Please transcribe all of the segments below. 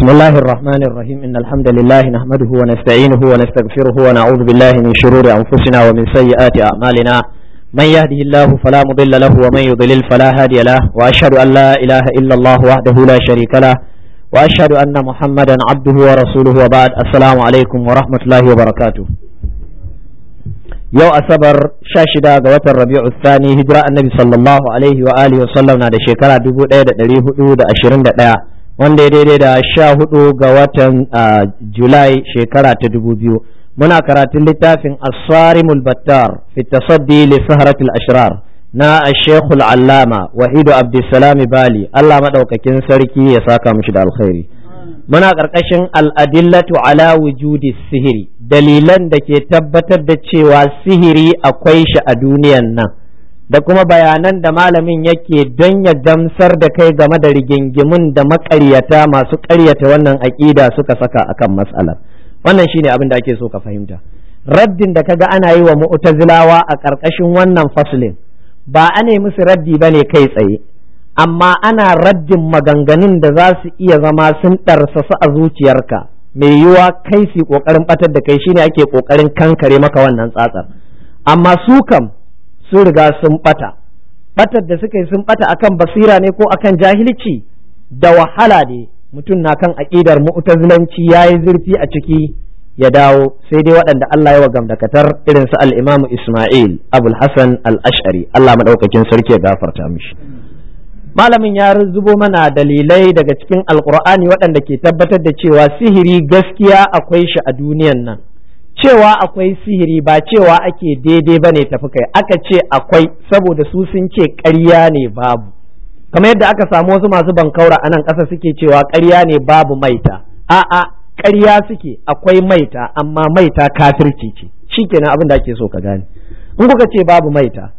بسم الله الرحمن الرحيم إن الحمد لله نحمده ونستعينه ونستغفره ونعوذ بالله من شرور أنفسنا ومن سيئات أعمالنا من يهده الله فلا مضل له ومن يضلل فلا هادي له وأشهد أن لا إله إلا الله وحده لا شريك له وأشهد أن محمدا عبده ورسوله وبعد السلام عليكم ورحمة الله وبركاته yau asabar sha shida ga watan rabi'u thani hijira annabi sallallahu alaihi wa alihi wasallam na da shekara dubu ɗaya da ɗari hudu da ashirin da ɗaya wanda ya daidai da sha hudu ga watan julai shekara ta dubu biyu muna karatun littafin asarimul battar fi tasaddi li saharatul ashrar na ashekul allama wahidu abdulsalam bali allah maɗaukakin sarki ya saka mushi da alkhairi muna ƙarƙashin al'adillatu ala wujudi sihiri dalilan da ke tabbatar da cewa sihiri akwai shi a duniyan nan da kuma bayanan da malamin yake don ya gamsar da kai game da rigingimun da makaryata masu karyata wannan aƙida suka saka a kan matsalar wannan shine abin da ake so ka fahimta raddin da kaga ana yi wa mu'tazilawa a ƙarƙashin wannan faslin ba a ne musu raddi ba ne kai tsaye amma ana raddin maganganun da za su iya zama sun ɗarsasu a zuciyarka mai yiwuwa kai su ƙoƙarin ɓatar da kai shine ake ƙoƙarin kankare maka wannan tsatsar amma su kam sun riga sun ɓata, ɓatar da suka yi sun bata akan basira ne ko akan jahilci da wahala ne mutum na kan aƙidar mu'tazilanci yi zurfi a ciki ya dawo sai dai waɗanda Allah ya wa gamdakatar irin su al Isma'il Abul Hasan al-Ash'ari Allah madaukakin sarki ya gafarta mishi malamin ya zubo mana dalilai daga cikin alkur'ani waɗanda ke tabbatar da cewa sihiri gaskiya akwai shi a duniyan nan cewa akwai sihiri ba cewa ake daidai ba ne tafi kai aka ce akwai saboda su sun ce ƙarya ne babu kamar yadda aka samu wasu masu bankaura a nan ƙasa suke cewa ƙarya ne babu maita a'a ƙarya suke akwai maita amma maita kafirci ce ke abin da ake so ka gane in kuka ce babu maita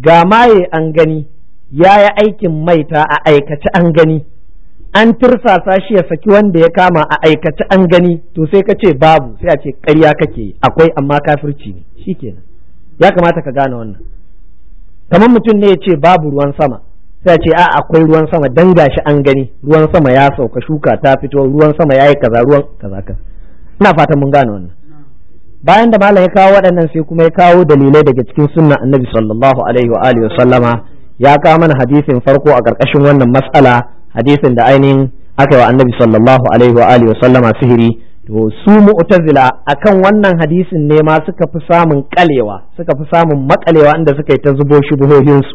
ga maye an gani ya yi aikin maita a aikace an gani an tirsasa shi ya saki wanda ya kama a aikace an gani to sai ka ce babu sai a ce ƙarya kake akwai amma kafirci ne shikenan ya kamata ka gane wannan kamar mutum ne ya ce babu ruwan sama sai a ce a akwai ruwan sama dan gashi an gani ruwan sama ya sauka shuka ta fito ruwan sama ya yi kaza ruwan kaza kaza ina fatan mun gane wannan bayan da malam ya kawo waɗannan sai kuma ya kawo dalilai daga cikin sunna annabi sallallahu alaihi wa alihi wa sallama ya kawo mana hadisin farko a ƙarƙashin wannan matsala hadisin da ainihin aka yi wa annabi sallallahu alaihi wa alihi sallama sihiri to su mu'tazila akan wannan hadisin ne ma suka fi samun kalewa suka fi samun makalewa inda suka yi ta zubo shubuhohin su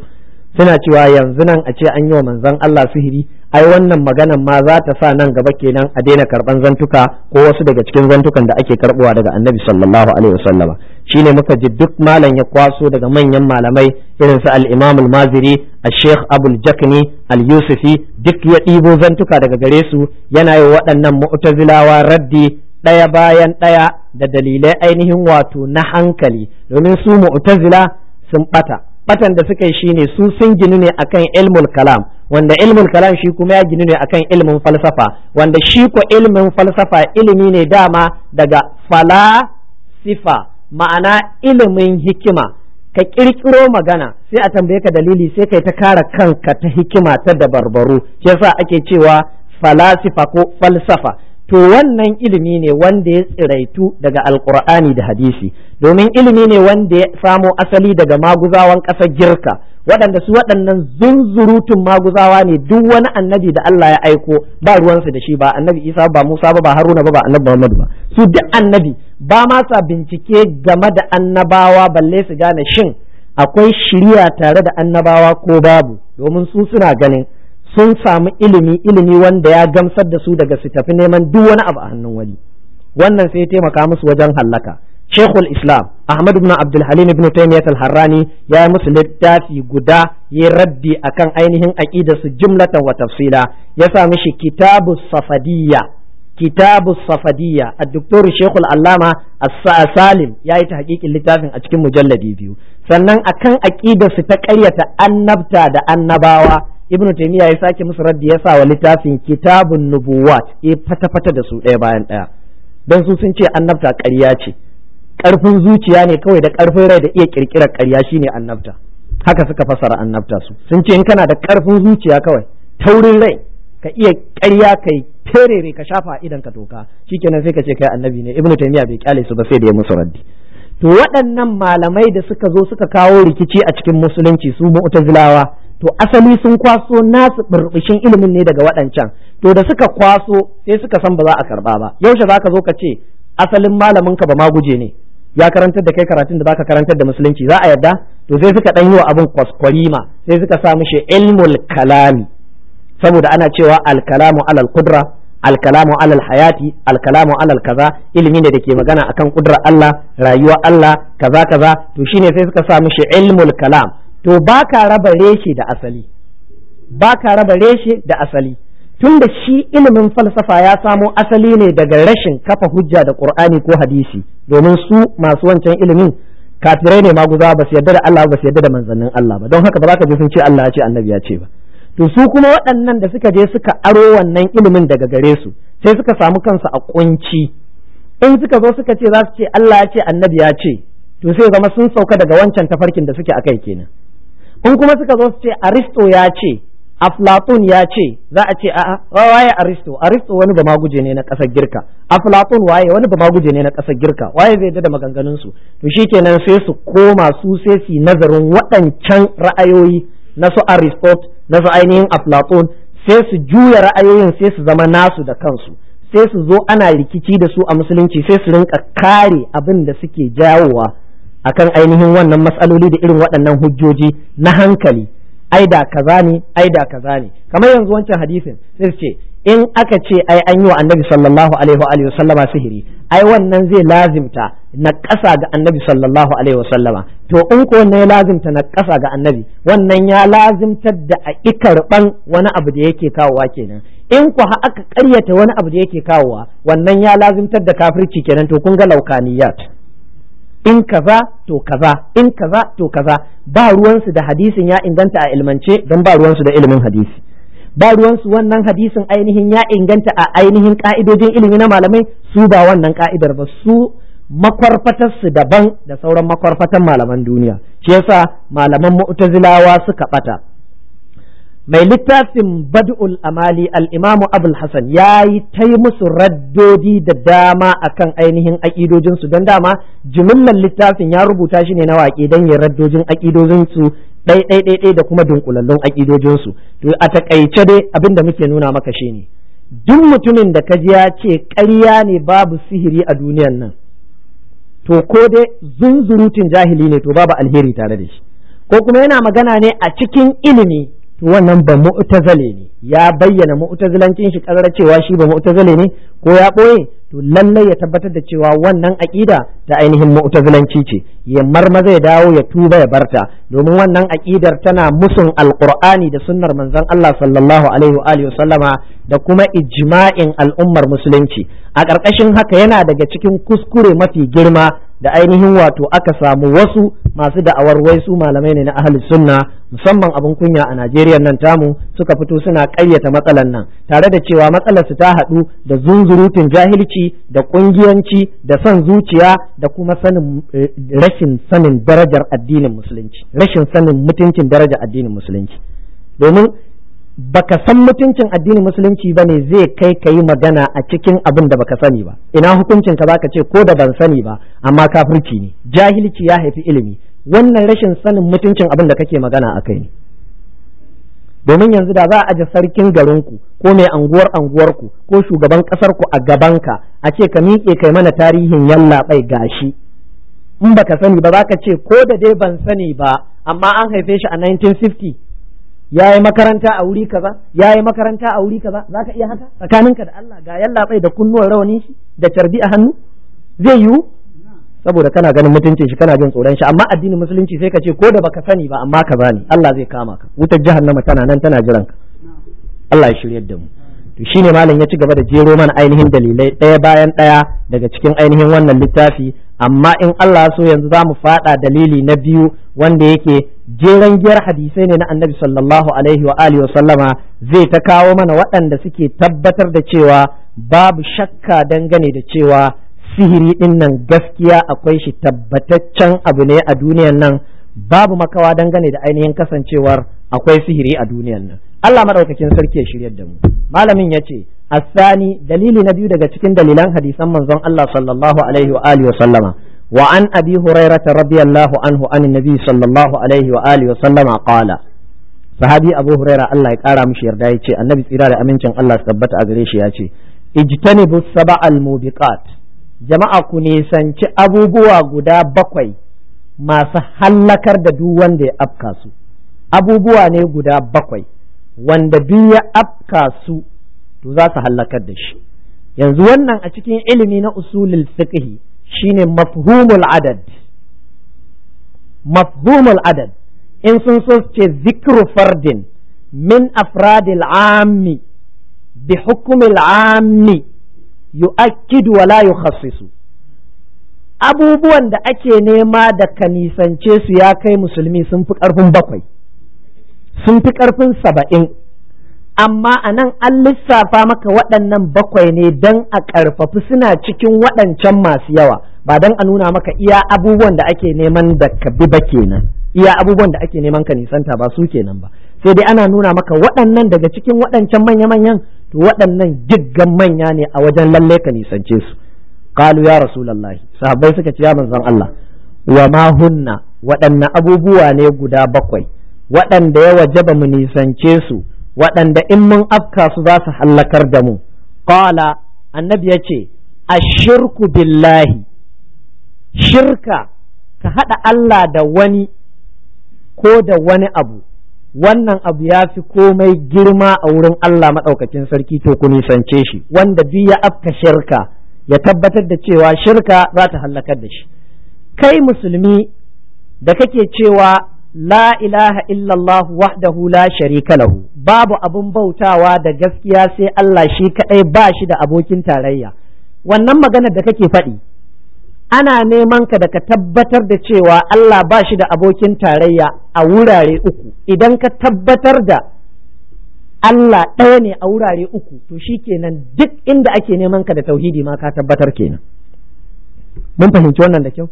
suna cewa yanzu nan a ce an yi wa manzon Allah sihiri ai wannan maganan ma za ta sa nan gaba kenan a daina karban zantuka ko wasu daga cikin zantukan da ake karbowa daga annabi sallallahu alaihi wasallama shine muka ji duk malam ya kwaso daga manyan malamai irin su al-imam al-maziri al-sheikh abul jakni al-yusufi duk ya ɗibo zantuka daga gare su yana yi waɗannan mu'tazilawa raddi ɗaya bayan ɗaya da dalilai ainihin wato na hankali domin su mu'tazila sun ɓata ɓatan da suka yi shine su sun ginu ne akan ilmul kalam wanda ilmul kalam shi kuma ya ginu ne akan ilmin falsafa wanda shi ko ilmin falsafa ilimi ne dama daga falasifa ma'ana ilimin hikima ka kirkiro magana sai a tambaye ka dalili sai kai ta kara kanka ta hikima ta dabarbaru shi yasa ake cewa falasifa ko falsafa to wannan ilimi ne wanda ya tsiraitu daga Alƙur'ani da hadisi domin ilimi ne wanda ya samo asali daga maguzawan ƙasar girka waɗanda su waɗannan zunzurutun maguzawa ne duk wani annabi da Allah ya aiko ba ruwansu da shi ba annabi Isa ba Musa ba ba Haruna ba ba annabi Muhammad ba su duk annabi ba ma sa bincike game da annabawa balle su gane shin akwai shirya tare da annabawa ko babu domin su suna ganin sun samu ilimi ilimi wanda ya gamsar da su daga su tafi neman duk wani abu a hannun wani wannan sai ya taimaka musu wajen hallaka shekul islam ahmad ibn abdul halim ibn taymiyyah al-harrani ya yi musu littafi guda ya raddi akan ainihin aqidar su jumlatan wa tafsila ya sa mishi kitabu safadiyya kitabu safadiya a doktor shekul allama salim ya yi ta hakikin littafin a cikin mujalladi biyu sannan akan aƙidarsu ta ƙaryata annabta da annabawa ibn taymiya ya sake musu raddi ya sa wa littafin kitabun nubuwat ya fata fata da su ɗaya bayan ɗaya don su sun ce annabta karya ce ƙarfin zuciya ne kawai da ƙarfin rai da iya ƙirƙirar ƙarya shine annabta haka suka fasara annabta su sun ce in kana da ƙarfin zuciya kawai taurin rai ka iya ƙarya kai ferere ka shafa idan ka toka shikenan sai ka ce kai annabi ne ibnu taymiya bai kyale su ba sai da ya musu raddi to waɗannan malamai da suka zo suka kawo rikici a cikin musulunci su mu'tazilawa to asali sun kwaso nasu burbushin ilimin ne daga waɗancan to da suka kwaso sai suka san ba za a karba ba yaushe zaka zo ka ce asalin malamin ka ba ma guje ne ya karantar da kai karatun da baka karantar da musulunci za a yadda to sai suka ɗan yi wa abin kwaskwarima sai suka sa mishi ilmul kalami saboda ana cewa alkalamu alal kudra alkalamu alal hayati alkalamu alal kaza ilimi ne da ke magana akan kudrar Allah rayuwa Allah kaza kaza to shine sai suka sa mishi ilmul kalam to baka raba reshe da asali baka raba reshe da asali tun da shi ilimin falsafa ya samo asali ne daga rashin kafa hujja da Qur'ani ko hadisi domin su masu wancan ilimin kafirai ne maguza ba su yarda da Allah ba su yarda da manzannin Allah ba don haka ba za ka ji sun ce Allah ya ce annabi ya ce ba to su kuma waɗannan da suka je suka aro wannan ilimin daga gare su sai suka samu kansu a kunci in suka zo suka ce za su ce Allah ya ce annabi ya ce to sai zama sun sauka daga wancan tafarkin da suke akai kenan in kuma suka zo su ce aristo ya ce aflatun ya ce za a ce a'a waye aristo aristo wani ba maguje ne na ƙasar girka aflatun waye wani ba maguje ne na ƙasar girka waye zai da maganganun su to shikenan sai su koma su sai su nazarin waɗancan ra'ayoyi na su aristote na su ainihin Aflatun sai su juya ra'ayoyin sai su zama nasu da kansu sai su zo ana rikici da su a musulunci sai su rinka kare abin da suke jawowa akan ainihin wannan matsaloli da irin waɗannan hujjoji na hankali ai da kaza ne ai da kaza ne kamar yanzu wancan hadisin sai su ce in aka ce ai an yi wa annabi sallallahu alaihi wa sallama sihiri ai wannan zai lazimta na ƙasa ga annabi sallallahu alaihi wasallama to in ko ne lazimta na ƙasa ga annabi wannan ya lazimtar da a ikarban wani abu da yake kawowa kenan in ku ha aka ƙaryata wani abu da yake kawowa wannan ya lazimtar da kafirci kenan to kun ga laukaniyat in kaza to kaza in kaza to kaza ba ruwansu da hadisin ya inganta a ilmance don ba ruwansu da ilimin hadisi ba ruwansu wannan hadisin ainihin ya inganta a ainihin ka'idojin ilimi na malamai su ba wannan ka'idar ba su makwarfatarsu daban da sauran makwarfatan malaman duniya shi yasa malaman mu'tazilawa suka ɓata. mai littafin bad'ul amali al-imamu abul hasan ya yi ta yi musu raddodi da dama akan ainihin aƙidojinsu don dama jimillar littafin ya rubuta shi ne na waƙe don yin raddojin aƙidojinsu ɗai da kuma dunkulallun aƙidojinsu to a taƙaice dai abin da muke nuna maka shi ne duk mutumin da ka ji ya ce ƙarya ne babu sihiri a duniyan nan to ko dai zunzurutun jahili ne to babu alheri tare da shi ko kuma yana magana ne a cikin ilimi wannan ba mu'tazale ne ya bayyana mu'tazilancin shi karara cewa shi ba mu'tazale ne ko ya boye to lallai ya tabbatar da cewa wannan aqida ta ainihin mu'tazilanci ce ya marmaza ya dawo ya tuba ya barta domin wannan aqidar tana musun alqur'ani da sunnar manzon Allah sallallahu alaihi wa alihi wasallama da kuma ijma'in al'ummar musulunci a ƙarƙashin haka yana daga cikin kuskure mafi girma da ainihin wato aka samu wasu masu da'awar wai su malamai ne na ahli sunna musamman abin kunya a Najeriya nan tamu suka fito suna ƙaryata matsalan nan tare da cewa matsalar su ta haɗu da zunzurutun jahilci da ƙungiyanci da son zuciya da kuma sanin eh, rashin sanin darajar addinin musulunci rashin sanin mutuncin darajar addinin musulunci domin baka san mutuncin addinin musulunci ba ne zai kai ka yi magana a cikin abin da baka sani ba ina hukuncin ka zaka ce ko da ban sani ba amma kafirci ne jahilci ya haifi ilimi wannan rashin sanin mutuncin abin da kake magana a kai ne domin yanzu da za a aje sarkin garinku ko mai anguwar anguwarku ko shugaban ƙasarku a gabanka a ce ka miƙe kai mana tarihin yallaɓai gashi in baka sani ba zaka ce ko da dai ban sani ba amma an haife shi a 1950 ya yi makaranta a wuri kaza ya yi makaranta a wuri kaza za ka iya haka tsakaninka da Allah ga yalla bai da kunnuwar rawani shi da carbi a hannu zai yiwu saboda kana ganin mutuncin shi kana jin tsoron shi amma addinin musulunci sai ka ce ko da baka sani ba amma ka zani Allah zai kama ka wutar jahannama tana nan tana jiran ka Allah ya shiryar da mu to shine malam ya ci gaba da jero mana ainihin dalilai daya bayan daya daga cikin ainihin wannan littafi amma in Allah so yanzu za mu faɗa dalili na biyu wanda yake jeran giyar hadisai ne na annabi sallallahu alaihi wa alihi sallama zai ta kawo mana waɗanda suke tabbatar da cewa babu shakka dangane da cewa sihiri ɗin nan gaskiya akwai shi tabbataccen abu ne a duniyan nan babu makawa dangane da ainihin kasancewar akwai sihiri a duniyan nan Allah maɗaukakin sarki ya shirya da mu malamin ya ce A sani dalili na biyu daga cikin dalilan hadisan manzon Allah sallallahu alaihi wa alihi wa sallama wa an abi hurairah radiyallahu anhu an nabi sallallahu alaihi wa alihi wa sallama qala sahabi abu hurairah Allah ya kara mishi yarda yace annabi tsira da amincin Allah su tabbata a gare shi yace ijtanibu sab'al mubiqat jama'a ku nisanci abubuwa guda bakwai masu hallakar da duk wanda ya afka su abubuwa ne guda bakwai wanda duk ya afka su to za su hallakar da shi yanzu wannan a cikin ilimi na usulul fiqhi shine mafhumul adad mafhumul adad in sun so ce zikru fardin min afradil ammi bi hukumil ammi yu'akkidu wa la yukhassisu abubuwan da ake nema da kanisance su ya kai musulmi sun fi ƙarfin bakwai sun fi ƙarfin saba'in amma a nan an lissafa maka waɗannan bakwai ne don a ƙarfafi suna cikin waɗancan masu yawa ba don a nuna maka iya abubuwan da ake neman da ka bi ba kenan iya abubuwan da ake neman ka nisanta ba su kenan ba sai dai ana nuna maka waɗannan daga cikin waɗancan manya-manyan to waɗannan jiggan manya ne a wajen lalle ka nisance su qalu ya rasulullahi sahabbai suka ce ya manzon Allah wa ma hunna waɗannan abubuwa ne guda bakwai waɗanda ya wajaba mu nisance su waɗanda in mun afka su za su hallakar da mu ƙwala annabi ya ce ashirku billahi shirka ka haɗa Allah da wani ko da wani abu wannan abu ya fi komai girma a wurin Allah maɗaukacin sarki to ku nisance shi wanda duk ya afka shirka ya tabbatar da cewa shirka za ta hallakar da shi kai musulmi da kake cewa la ilaha illallah wahdahu la sharika lahu babu abun bautawa da gaskiya sai Allah shi kadai ba shi da abokin tarayya wannan magana da kake faɗi ana neman ka da ka tabbatar da cewa Allah ba shi da abokin tarayya a wurare uku idan ka tabbatar da Allah ɗaya ne a wurare uku to shi kenan duk inda ake neman ka da tauhidi ma ka tabbatar kenan mun fahimci wannan da kyau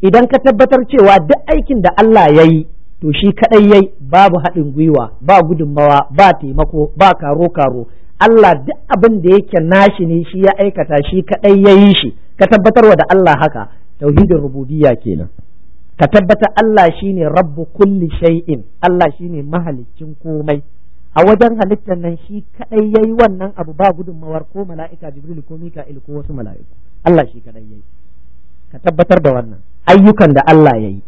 idan ka tabbatar cewa duk aikin da Allah ya yi to shi kadai yai babu haɗin gwiwa ba gudunmawa ba taimako ba karo karo Allah duk abin da yake nashi ne shi ya aikata shi kaɗai ya yi shi ka tabbatarwa da Allah haka tauhidin rububiyya kenan ka tabbata Allah shine rabbu kulli shay'in Allah shine mahalicin komai a wajen halittar nan shi kadai yayi wannan abu ba gudunmawar ko mala'ika jibril ko mika'il ko wasu mala'iku Allah shi kadai yayi ka tabbatar da wannan ayyukan da Allah yayi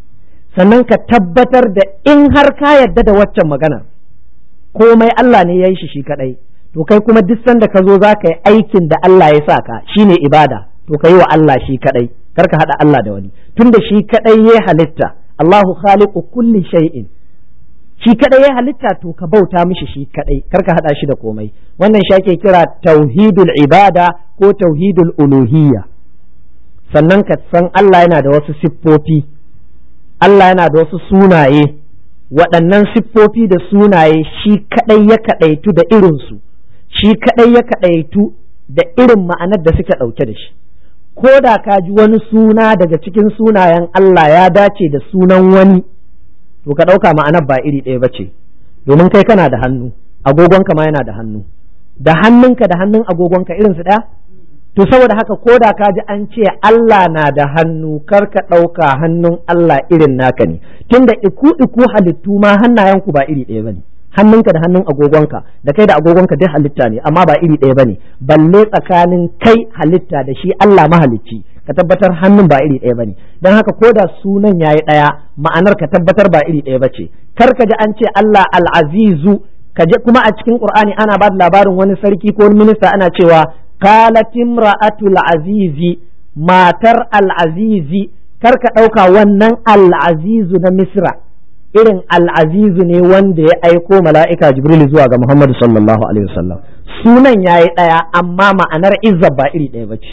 sannan ka tabbatar da in har ka yadda da waccan magana komai Allah ne ya yi shi shi kadai to kai kuma duk sanda ka zo za ka yi aikin da Allah ya sa ka shine ibada to ka yi wa Allah shi kadai kar ka haɗa Allah da wani tunda shi kadai ya halitta Allahu khaliqu kulli shay'in shi kadai ya halitta to ka bauta mishi shi kadai kar ka haɗa shi da komai wannan shi kira tauhidul ibada ko tauhidul uluhiyya sannan ka san Allah yana da wasu siffofi Allah yana da wasu sunaye waɗannan siffofi da sunaye shi kaɗai ya kaɗaitu da irinsu shi kaɗai ya kaɗaitu da irin ma'anar da suka ɗauke da shi ko da ka ji wani suna daga cikin sunayen Allah ya dace da sunan wani to ka ɗauka ma'anar ba iri ɗaya ba ce domin kai kana da hannu agogonka ma yana da hannu da hannunka da hannun agogonka irinsu ɗaya to saboda haka ko da ka ji an ce Allah na da hannu kar ka ɗauka hannun Allah irin naka ne tunda iku iku halittu ma hannayenku ba iri ɗaya bane hannunka da hannun agogonka da kai da agogonka duk halitta ne amma ba iri ɗaya bane balle tsakanin kai halitta da shi Allah mahalicci ka tabbatar hannun ba iri ɗaya bane don haka ko da sunan yayi ɗaya ma'anar ka tabbatar ba iri ɗaya bace kar ka ji an ce Allah al-Azizu kaje kuma a cikin Qur'ani ana ba da labarin wani sarki ko wani minista ana cewa qalat imra'atul azizi matar al'azizi kar ka ɗauka wannan al'azizu na misra irin al'azizu ne wanda ya aiko mala'ika jibril zuwa ga muhammadu sallallahu alaihi wasallam sunan ya yi ɗaya amma ma'anar izza ba iri ɗaya ba ce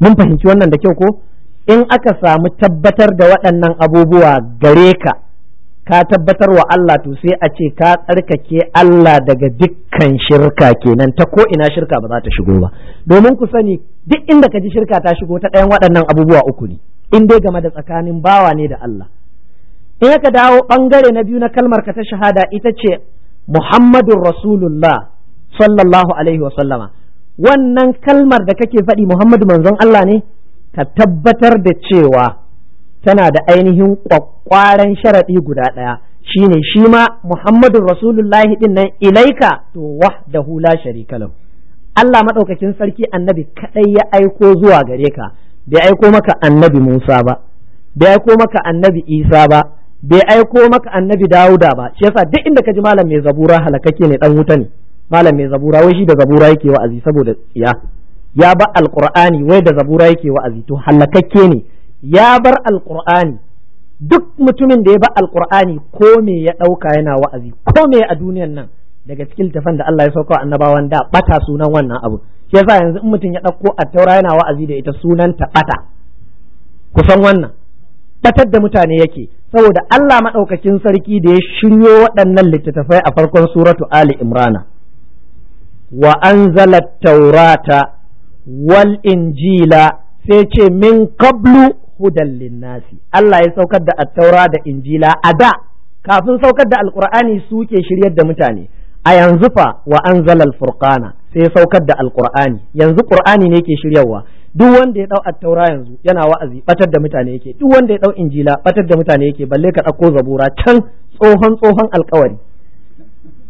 mun fahimci wannan da kyau ko in aka samu tabbatar da waɗannan abubuwa gare ka ka tabbatar wa Allah to sai a ce ka tsarkake Allah daga dukkan shirka kenan ta ko ina shirka ba za ta shigo ba domin ku sani duk inda ka ji shirka ta shigo ta ɗayan waɗannan abubuwa uku ne in dai game da tsakanin bawa ne da Allah in ka dawo ɓangare na biyu na kalmar ka ta shahada ita ce Muhammadur Rasulullah sallallahu alaihi wa sallama wannan kalmar da kake faɗi Muhammadu manzon Allah ne ka tabbatar da cewa tana da ainihin kwakkwaran sharaɗi guda ɗaya shine shi ma Muhammadun Rasulullahi ɗin nan ilaika to wahdahu hula sharika Allah maɗaukakin sarki annabi kaɗai ya aiko zuwa gare ka bai aiko maka annabi Musa ba bai aiko maka annabi Isa ba bai aiko maka annabi Dawuda ba shi yasa duk inda ka ji malam mai zabura halakakke ne dan wuta ne malam mai zabura wai shi da zabura yake wa'azi saboda ya ya ba alqur'ani wai da zabura yake wa'azi to halakakke ne ya bar alqur'ani duk mutumin da ya bar alqur'ani ko me ya dauka yana wa'azi ko me a duniyan nan daga cikin tafan da Allah ya sauka annabawan da bata sunan wannan abu ke yasa yanzu in mutum ya dauko taura yana wa'azi da ita sunan ta bata kusan wannan batar da mutane yake saboda Allah maɗaukakin sarki da ya shiryo waɗannan littattafai a farkon suratu Ali Imrana wa anzala taurata wal injila sai ce min qablu hudan linnasi Allah ya saukar da attaura da injila a da kafin saukar da alqur'ani suke shiryar da mutane a yanzu fa wa anzalal furqana sai saukar da alqur'ani yanzu qur'ani ne ke shiryarwa duk wanda ya dau attaura yanzu yana wa'azi batar da mutane yake duk wanda ya dau injila batar da mutane yake balle ka dauko zabura can tsohon tsohon alkawari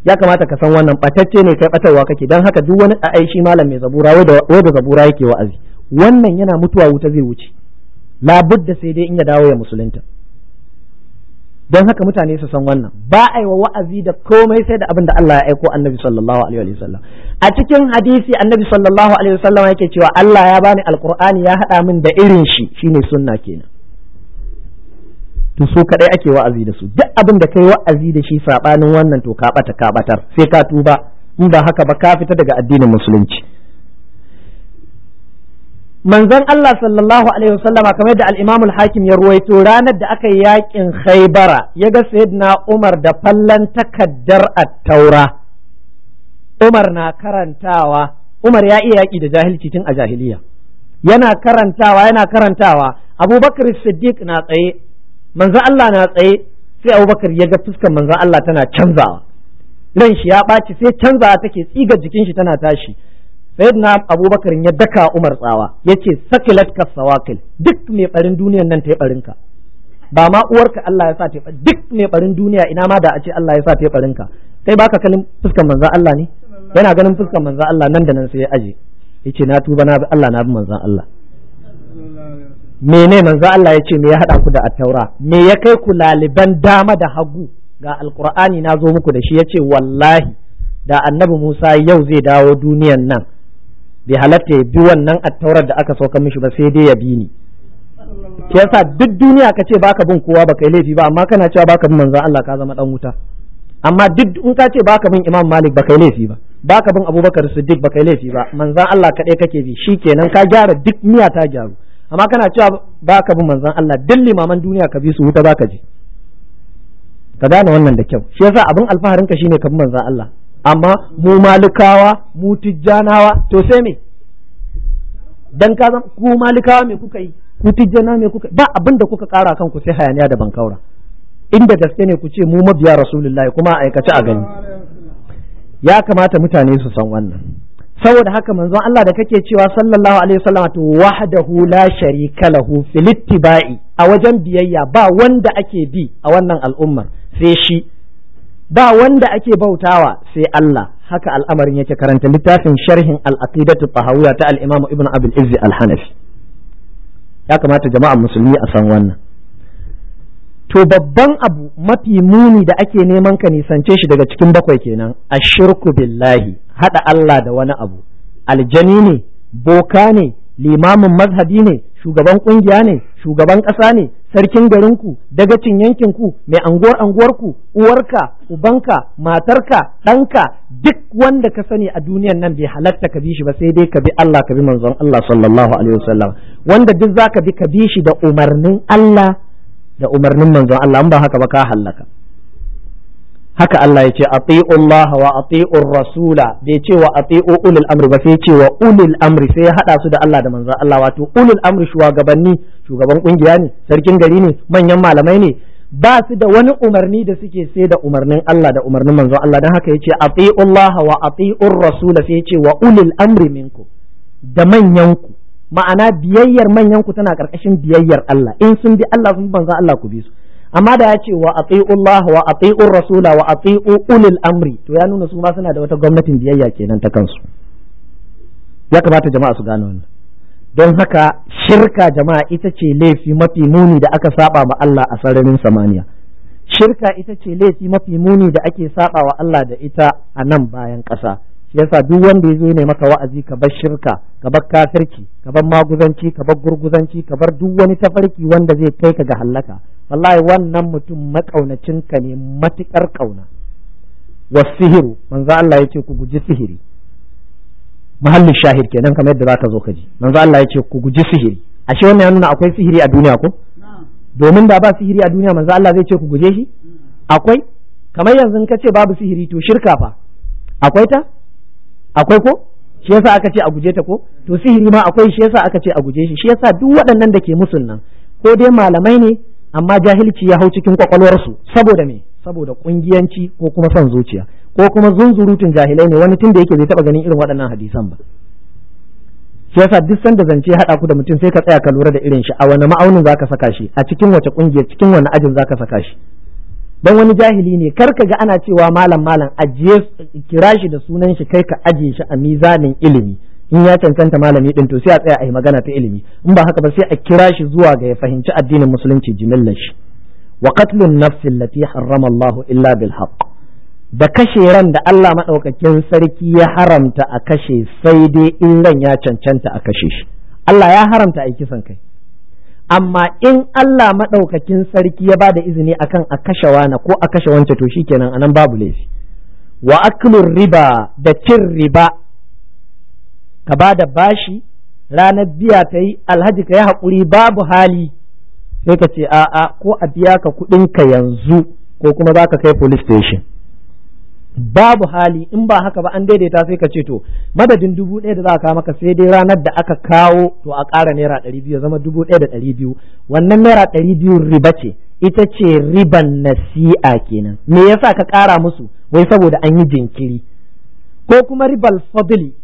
ya kamata ka san wannan batacce ne kai batarwa kake dan haka duk wani da aishi malam mai zabura wai da zabura yake wa'azi wannan yana mutuwa wuta zai wuce labudda sai dai in ya dawo ya musulunta don haka mutane su san wannan ba a yi wa wa'azi da komai sai da abin da Allah ya aiko annabi sallallahu alaihi wa sallam a cikin hadisi annabi sallallahu alaihi wa sallam yake cewa Allah ya bani Alkur'ani ya haɗa min da irin shi shine sunna kenan to su kadai ake wa'azi da su duk abin da kai wa'azi da shi saɓanin wannan to ka bata ka batar sai ka tuba in ba haka ba ka fita daga addinin musulunci manzon Allah sallallahu alaihi wasallama kamar da al-Imam al-Hakim ya ruwaito ranar da aka yi yakin Khaybara ya ga Sayyidina Umar da fallan takaddar at-Taura Umar na karantawa Umar ya iya yaki da jahilci tun a jahiliya yana karantawa yana karantawa Abubakar Siddiq na tsaye manzon Allah na tsaye sai Abubakar ya ga fuskar manzon Allah tana canzawa ran shi ya ɓaci sai canzawa take tsiga jikin shi tana tashi sayyidina abubakar ya daka umar tsawa yace sakilat ka sawakil duk mai barin duniyan nan ta yi barinka ba ma uwarka Allah ya sa ta duk mai barin duniya ina ma da a ce Allah ya sa ta yi barinka kai baka kalin fuskan manzon Allah ne yana ganin fuskan manzon Allah nan da nan sai ya aje yace na tuba na bi Allah na bi manzon Allah mene manzon Allah ya ce me ya hada ku da attaura me ya kai ku laliban dama da hagu ga alqur'ani na zo muku da shi yace wallahi da annabi Musa yau zai dawo duniyan nan bai halatta ya bi wannan attaurar da aka sauka mishi ba sai dai ya bi ni ke yasa duk duniya ka ce baka bin kowa baka yi laifi ba amma kana cewa baka bin manzon Allah ka zama dan wuta amma duk in ka ce baka bin Imam Malik baka yi laifi ba baka bin Abubakar Siddiq baka yi laifi ba manzon Allah kadai kake bi shikenan ka gyara duk miya ta gyaru amma kana cewa baka bin manzon Allah duk limaman duniya ka bi su wuta baka je ka gane wannan da kyau shi yasa abin alfaharin ka shine ka bi manzon Allah amma mu malikawa mu tijjanawa to sai me dan ka zama ku malikawa me kuka yi ku tijjana me kuka ba abin kuka kara kanku sai hayaniya da bankaura inda gaske ne ku ce mu mabiya rasulullahi kuma aikace a gani ya kamata mutane su san wannan saboda haka manzon Allah da kake cewa sallallahu alaihi wasallam to wahdahu la sharika lahu fil ittiba'i a wajen biyayya ba wanda ake bi a wannan al'ummar sai shi ba wanda ake bautawa sai Allah haka al'amarin yake karanta littafin sharhin al-aqidatu tahawiyya ta al-imam ibn abul izzi al-hanafi ya kamata jama'an musulmi a san wannan to babban abu mafi muni da ake neman ka nisance shi daga cikin bakwai kenan ashirku billahi hada Allah da wani abu aljani ne boka ne limamin mazhabi ne shugaban kungiya ne shugaban ƙasa ne sarkin garinku dagacin yankinku mai anguwar anguwarku uwarka ubanka matarka ɗanka duk wanda ka sani a duniyan nan bai halatta ka bi shi ba sai dai ka bi Allah ka bi manzon Allah sallallahu alaihi wasallam wanda duk zaka bi ka bi shi da umarnin Allah da umarnin manzon Allah in ba haka ba ka halaka. haka Allah ya ce Allah wa ati'ur rasula bai ce wa ati'u ulul amri ba sai ce wa ulul amri sai ya hada su da Allah da manzon Allah wato ulul amri shugabanni shugaban ƙungiya ne sarkin gari ne manyan malamai ne ba su da wani umarni da suke sai da umarnin Allah da umarnin manzon Allah dan haka yace Allah wa ati'ur rasula sai ce wa ulul amri minku da manyan ku ma'ana biyayyar manyan ku tana karkashin biyayyar Allah in sun bi Allah sun manzon Allah ku bi su amma da ya ce wa Allah wa ati'ur rasula wa ati'u ulil amri to ya nuna su ma suna da wata gwamnatin biyayya kenan ta kansu ya kamata jama'a su gano wannan don haka shirka jama'a ita ce laifi mafi muni da aka saba ma Allah a sararin samaniya shirka ita ce laifi mafi muni da ake saba wa Allah da ita a nan bayan ƙasa yasa duk wanda ya zo ne maka wa'azi ka bar shirka ka bar kafirci ka bar maguzanci ka bar gurguzanci ka bar duk wani tafarki wanda zai kai ka ga hallaka wallahi wannan mutum makaunacin ka ne matukar kauna wasihiru manzo Allah ya ce ku guji sihiri mahalli shahid kenan kamar yadda zaka zo ka ji manzo Allah ya ce ku guji sihiri ashe wannan yana nuna akwai sihiri a duniya ko domin da ba sihiri a duniya manzo Allah zai ce ku guje shi akwai kamar yanzu ka ce babu sihiri to shirka fa akwai ta akwai ko shi yasa aka ce a guje ta ko to sihiri ma akwai shi yasa aka ce a guje shi shi yasa duk waɗannan da ke musun nan ko dai malamai ne amma jahilci ya hau cikin kwakwalwarsu saboda me saboda kungiyanci ko kuma son zuciya ko kuma zunzurutun jahilai ne wani tun da yake bai taba ganin irin waɗannan hadisan ba shi yasa duk sanda zance ya haɗa ku da mutum sai ka tsaya ka lura da irin shi a wani ma'aunin zaka saka shi a cikin wace kungiyar cikin wani ajin zaka saka shi dan wani jahili ne kar ka ga ana cewa malam malam ajiye kira shi da sunan shi kai ka ajiye shi a mizanin ilimi in ya cancanta malami din to sai a tsaya a yi magana ta ilimi in ba haka ba sai a kira shi zuwa ga ya fahimci addinin musulunci jimillar shi wa qatlun nafsi allati harrama illa bil haqq da kashe ran da Allah madaukakin sarki ya haramta a kashe sai dai in ran ya cancanta a kashe shi Allah ya haramta a kisan kai amma in Allah maɗaukakin sarki ya ba da izini akan a kashe wani ko a kashe wancan to shi shikenan anan babu laifi wa aklun riba da cin riba ka ba da bashi ranar biya ta yi alhaji ka yi haƙuri babu hali sai ka ce a'a ko a biya ka kuɗinka yanzu ko kuma za ka kai police station babu hali in ba haka ba an daidaita sai ka ce to madadin dubu ɗaya da za a kawo maka sai dai ranar da aka kawo to a ƙara naira ɗari biyu zama dubu ɗaya da ɗari biyu wannan naira ɗari biyu riba ce ita ce riban nasi'a kenan me yasa ka ƙara musu wai saboda an yi jinkiri ko kuma ribal fadli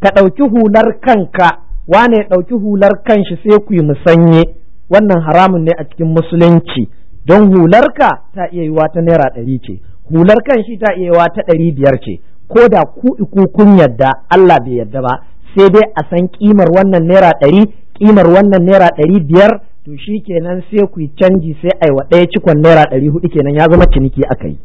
ka ɗauki hular kanka wane ya ɗauki hular kan shi sai ku yi musanye wannan haramun ne a cikin musulunci don hularka ta iya yiwa ta naira ɗari ce hular kan shi ta iyawa ta ɗari biyar ce ko da ku iku kun yadda Allah bai yadda ba sai dai a san ƙimar wannan naira ɗari kimar wannan naira ɗari biyar to shi kenan sai ku canji sai aiwa wa ɗaya cikon naira ɗari hudu kenan ya zama ciniki aka yi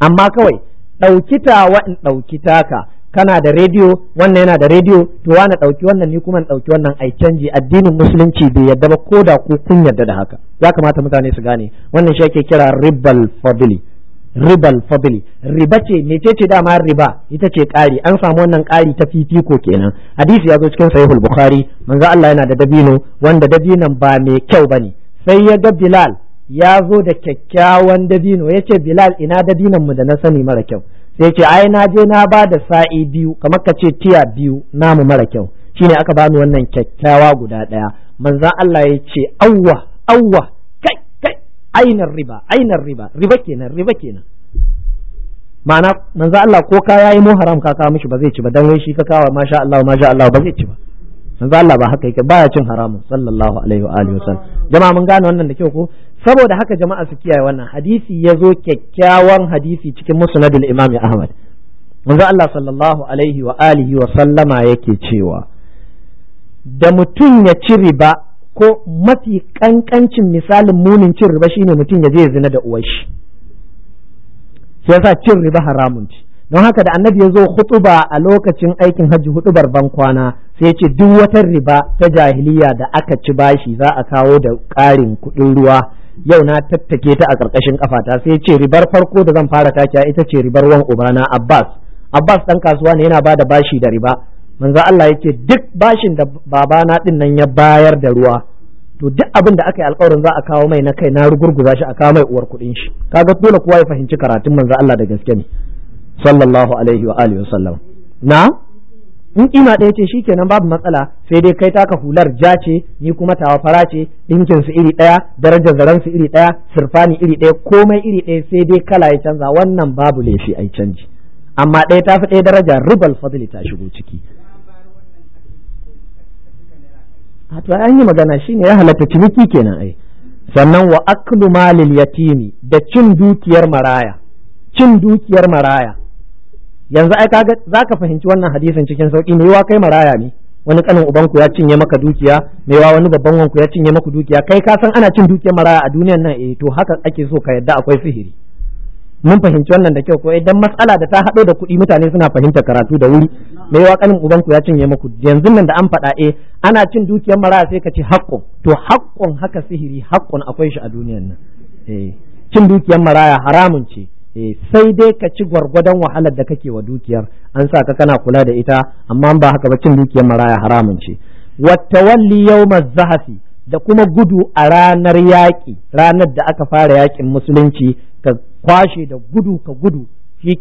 amma kawai ɗauki ta in ɗauki taka kana da rediyo wannan yana da rediyo to wani ɗauki wannan ni kuma ɗauki wannan ai canji addinin musulunci bai yadda ba ko da ku kun yadda da haka ya kamata mutane su gane wannan shi ake kira ribal fadili ribal fadli riba ce mecece dama riba ita ce ƙari an samu wannan ƙari ta fifiko kenan hadisi ya zo cikin sahihul bukhari manzo Allah yana da dabino wanda dabinon ba mai kyau bane sai ya ga Bilal ya zo da kyakkyawan dabino yace Bilal ina dabinon mu da na sani mara kyau sai yace ai na je na ba da sa'i biyu kamar ka ce tiya biyu namu mara kyau shine aka bani wannan kyakkyawa guda daya manzon Allah yace ce awwa awwa ainar riba ainar riba riba kenan riba kenan ma'ana manzo Allah ko ka yayi mu haram ka kawo mishi ba zai ci ba dan wai shi ka kawo masha Allah masha Allah ba zai ci ba manzo Allah ba haka yake baya cin haramun sallallahu alaihi wa alihi wasallam jama'a mun gane wannan da kyau ko saboda haka jama'a su kiyaye wannan hadisi ya zo kyakkyawan hadisi cikin musnadul imam Ahmad manzo Allah sallallahu alaihi wa alihi wa sallama yake cewa da mutum ya ci riba ko mafi kankancin misalin munin cin riba shine mutum ya je ya zina da uwar shi shi yasa cin riba haramun ci don haka da annabi ya zo hutuba a lokacin aikin hajji hutubar ban kwana sai ce duk wata riba ta jahiliya da aka ci bashi za a kawo da ƙarin kuɗin ruwa yau na tattake ta a ƙarƙashin ƙafata sai ce ribar farko da zan fara takiya ita ce ribar wan ubana Abbas Abbas ɗan kasuwa ne yana bada bashi da riba manzo Allah yake duk bashin da babana din nan ya bayar da ruwa to duk abin da aka yi alƙawarin za a kawo mai na kai na rugurguza shi a kawo mai uwar kuɗin shi kaga dole kowa ya fahimci karatun manzo Allah da gaske ne sallallahu alaihi wa alihi wasallam na in kima ɗaya ce shikenan babu matsala sai dai kai taka hular ja ce ni kuma tawa fara ce ɗinkin su iri ɗaya darajar zaren su iri ɗaya sirfani iri ɗaya komai iri ɗaya sai dai kala ya canza wannan babu laifi ai canji amma ɗaya ta fi ɗaya daraja ribal fadli ta shigo ciki to an yi magana shine ya halatta ciniki kenan ai sannan wa aklu malil yatimi da cin dukiyar maraya cin dukiyar maraya yanzu ai kaga zaka fahimci wannan hadisin cikin sauki me wa kai maraya ne wani kanin ubanku ya cinye maka dukiya me wa wani babban wanku ya cinye maka dukiya kai ka san ana cin dukiyar maraya a duniyar nan eh to haka ake so ka yadda akwai sihiri mun fahimci wannan da kyau ko idan matsala da ta haɗo da kuɗi mutane suna fahimtar karatu da wuri mai waƙanin ubanku ya cinye muku yanzu nan da an faɗa e ana cin dukiyar maraya sai ka ci haƙƙun to haƙƙun haka sihiri haƙƙun akwai shi a duniyar nan eh, cin dukiyar maraya haramun ce eh, sai dai ka ci gwargwadon wahalar da kake wa dukiyar an sa ka kana kula da ita amma ba haka ba cin dukiyar maraya haramun ce wattawalli yawmaz zahafi da kuma gudu a ranar yaƙi ranar da aka fara yaƙin musulunci ka kwashe da gudu ka gudu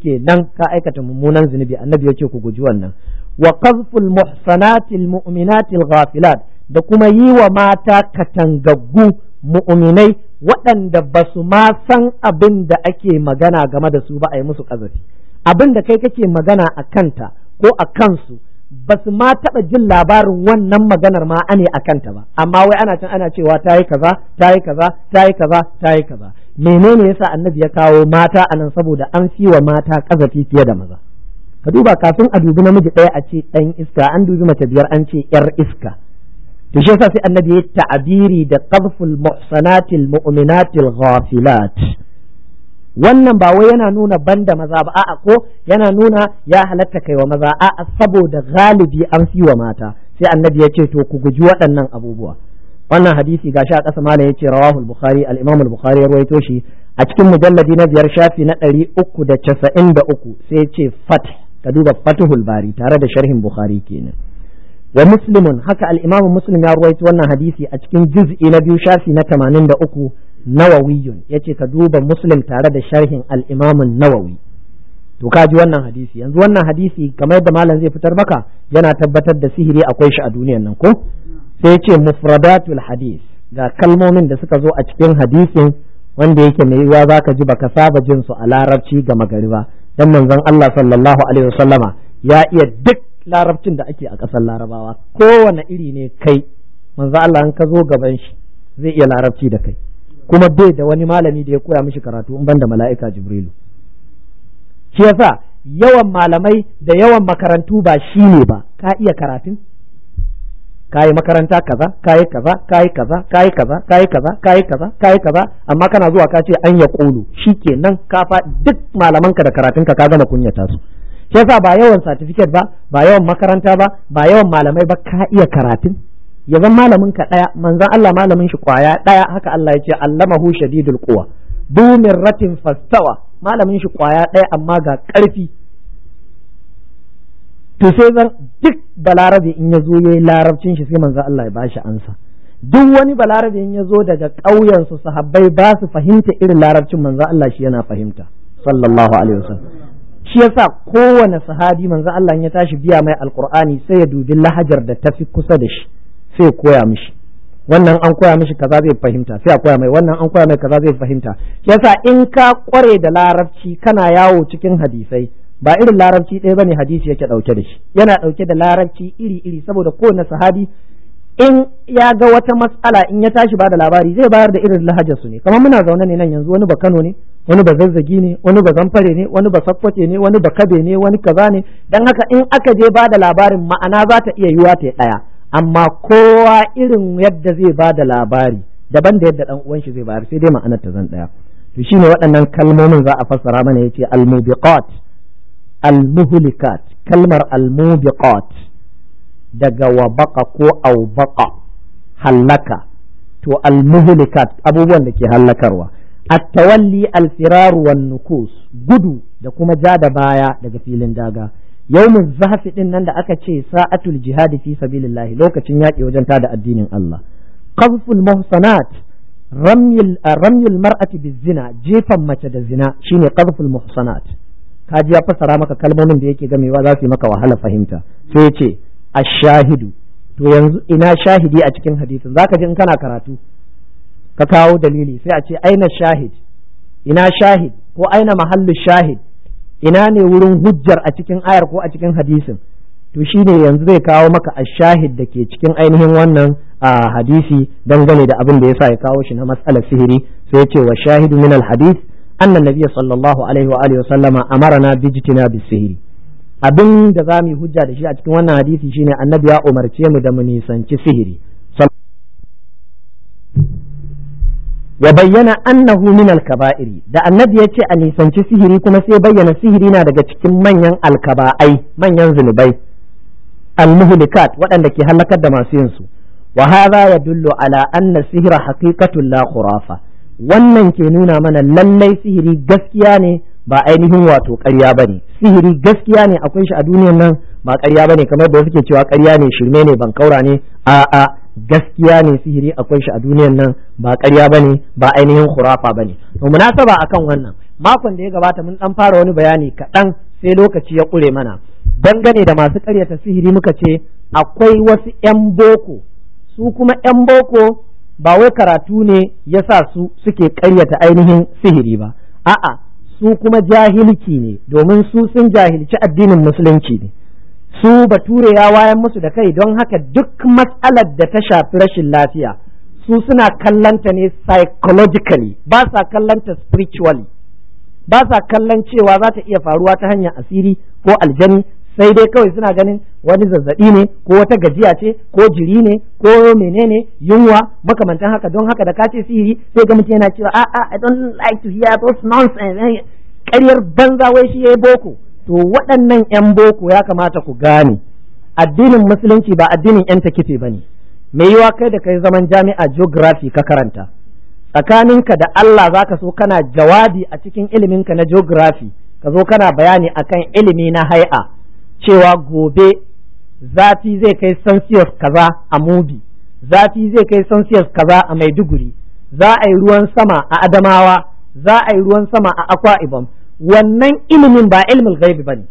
ke nan ka aikata mummunan zunubi annabi ya ce ku guji wannan wa qazful muhsanatil mu'minatil ghafilat da kuma yi wa mata katangaggu mu'minai waɗanda ba su ma san abin da ake magana game da su ba a yi musu ƙazafi abin da kai kake magana a kanta ko a kansu ba su ma taɓa jin labarin wannan maganar ma ane a kanta ba amma wai ana can ana cewa ta yi kaza ta yi kaza ta yi kaza ta yi kaza menene yasa annabi ya kawo mata a nan saboda an fi wa mata kazafi fiye da maza ka duba kafin a dubi namiji ɗaya a ce ɗan iska an dubi mace biyar an ce yar iska to shi yasa sai annabi ya ta'abiri da qadful muhsanatil mu'minatil ghafilat wannan ba wai yana nuna banda maza ba a'a ko yana nuna ya halatta kaiwa maza a'a saboda galibi an fi wa mata sai annabi ya ce to ku guji waɗannan abubuwa wannan hadisi gashi a ƙasa malam yace rawahul bukhari al-imam al-bukhari ya rawaito shi a cikin mujalladi na biyar shafi na ɗari uku da casa'in da uku sai ce fath ka duba fathul bari tare da sharhin bukhari kenan wa muslimun haka al-imam muslim ya rawaito wannan hadisi a cikin juz'i na biyu shafi na tamanin da uku nawawiyun yace ka duba muslim tare da sharhin al-imam nawawi to ka ji wannan hadisi yanzu wannan hadisi kamar da malam zai fitar maka yana tabbatar da sihiri akwai shi a duniyan nan ko sai ce mufradatul hadis ga kalmomin da suka zo a cikin hadisin wanda yake mai yiwuwa ka ji ba ka saba jin su a larabci ga magari ba dan manzon Allah sallallahu alaihi wasallama ya iya duk larabcin da ake a ƙasar larabawa kowane iri ne kai manzon Allah in ka zo gaban shi zai iya larabci da kai kuma bai da wani malami da ya koya mishi karatu in banda mala'ika jibrilu shi yasa yawan malamai da yawan makarantu ba shi ne ba ka iya karatun kayi makaranta kaza kayi kaza kayi kaza kayi kaza kayi kaza kayi kaza kayi kaza amma kana zuwa ka ce an ya kulu shikenan ka fa duk malamanka da karatunka ka gama kunyata su shi yasa ba yawan certificate ba ba yawan makaranta ba ba yawan malamai ba ka iya karatun ya zan malamin ka daya manzon Allah malamin shi kwaya daya haka Allah ya ce allamahu shadidul quwa dumirratin ratin fastawa malamin shi kwaya daya amma ga karfi to sai zan duk balarabe in ya zo ya yi larabcin shi sai manzo Allah ya bashi ansa duk wani balarabe in ya zo daga ƙauyen su sahabbai ba su fahimta irin larabcin manzo Allah shi yana fahimta sallallahu alaihi wasallam shi yasa kowane sahabi manzo Allah ya tashi biya mai alqur'ani sai ya dubi lahajar da tafi kusa da shi sai koya mishi wannan an koya mishi kaza zai fahimta sai a koya mai wannan an koya mai kaza zai fahimta yasa in ka kware da larabci kana yawo cikin hadisai ba irin larabci ɗaya bane hadisi yake ɗauke da shi yana ɗauke da larabci iri iri saboda kowane sahabi in ya ga wata matsala in ya tashi bada labari zai bayar da irin lahajar su ne kamar muna zaune ne nan yanzu wani ba Kano ne wani ba zazzagi ne wani ba zamfare ne wani ba sakkwace ne wani ba kabe ne wani kaza ne dan haka in aka je bada labarin ma'ana za ta iya yiwa ta ɗaya amma kowa irin yadda zai bada labari daban da yadda dan uwan shi zai bayar sai dai ma'anar ta zan ɗaya to shine waɗannan kalmomin za a fassara mana yace al-mubiqat al kalmar al-mubiqat daga wabaka ko aubaka hallaka to al-muhlikat abubuwan da ke hallakarwa at-tawalli al-firar wan nukus gudu da kuma ja da baya daga filin daga yawmin zahfi din nan da aka ce sa'atul jihad fi sabilillah lokacin yaƙi wajen tada addinin Allah qazful muhsanat ramyul ramyul mar'ati bizina jefan mace da zina shine qazful muhsanat ka ji ya fassara maka kalmomin da yake gamewa za su yi maka wahala fahimta sai ya ce shahidu to yanzu ina shahidi a cikin hadisin zaka ji in kana karatu ka kawo dalili sai a ce aina shahid ina shahid ko aina mahallu shahid ina ne wurin hujjar a cikin ayar ko a cikin hadisin to shi ne yanzu zai kawo maka a shahid da ke cikin ainihin wannan a hadisi dangane da abin da ya sa ya kawo shi na matsalar sihiri sai ya ce wa shahidu min al annan nabi sallallahu alaihi wa alihi sallama amarana bijtina bisihri abin da za mu hujja da shi a cikin wannan hadisi shine annabi ya umarce mu da mu nisanci sihiri wa bayyana annahu min al-kaba'iri da annabi ce a nisanci sihiri kuma sai bayyana sihiri na daga cikin manyan alkaba'ai manyan zunubai al waɗanda ke halakar da masu yin su wa hadha yadullu ala anna sihra haqiqatun la khurafa wannan ke nuna mana lallai sihiri gaskiya ne ba ainihin wato ƙarya bane sihiri gaskiya ne akwai shi a duniyar nan ba ƙarya bane kamar da suke cewa ƙarya ne shirme ne ban kaura ne a'a gaskiya ne sihiri akwai shi a duniyar nan ba ƙarya bane ba ainihin khurafa bane to munasaba akan wannan makon da ya gabata mun ɗan fara wani bayani kaɗan sai lokaci ya ƙure mana dangane da masu ƙaryata sihiri muka ce akwai wasu 'yan boko su kuma 'yan boko ba wai karatu ne ya sa su suke ƙaryata ainihin sihiri ba a'a su kuma jahilci ne domin su sun jahilci addinin musulunci ne su bature ya wayan musu da kai don haka duk matsalar da ta shafi rashin lafiya su suna kallanta ne psychologically ba sa kallanta spiritually ba sa kallon cewa za ta iya faruwa ta hanyar asiri ko aljani sai dai kawai suna ganin wani zazzaɓi ne ko wata gajiya ce ko jiri ne ko menene yunwa makamantan haka don haka da ka ce sihiri sai ga mutum yana cewa a'a i don't like to hear those nonsense eh, ƙaryar banza wai shi yayi boko to waɗannan yan boko ya kamata ku gane addinin musulunci ba addinin yan takife bane mai yiwa kai da kai zaman jami'a geography ka karanta tsakaninka da Allah zaka so kana jawabi a cikin ilimin ka na geography ka zo kana bayani akan ilimi na hai'a cewa gobe zafi zai kai celsius kaza a mubi zafi zai kai celsius kaza a maiduguri za a yi ruwan sama a adamawa za a yi ruwan sama a akwa ibom wannan ilimin ba ilimin gaibi ba ne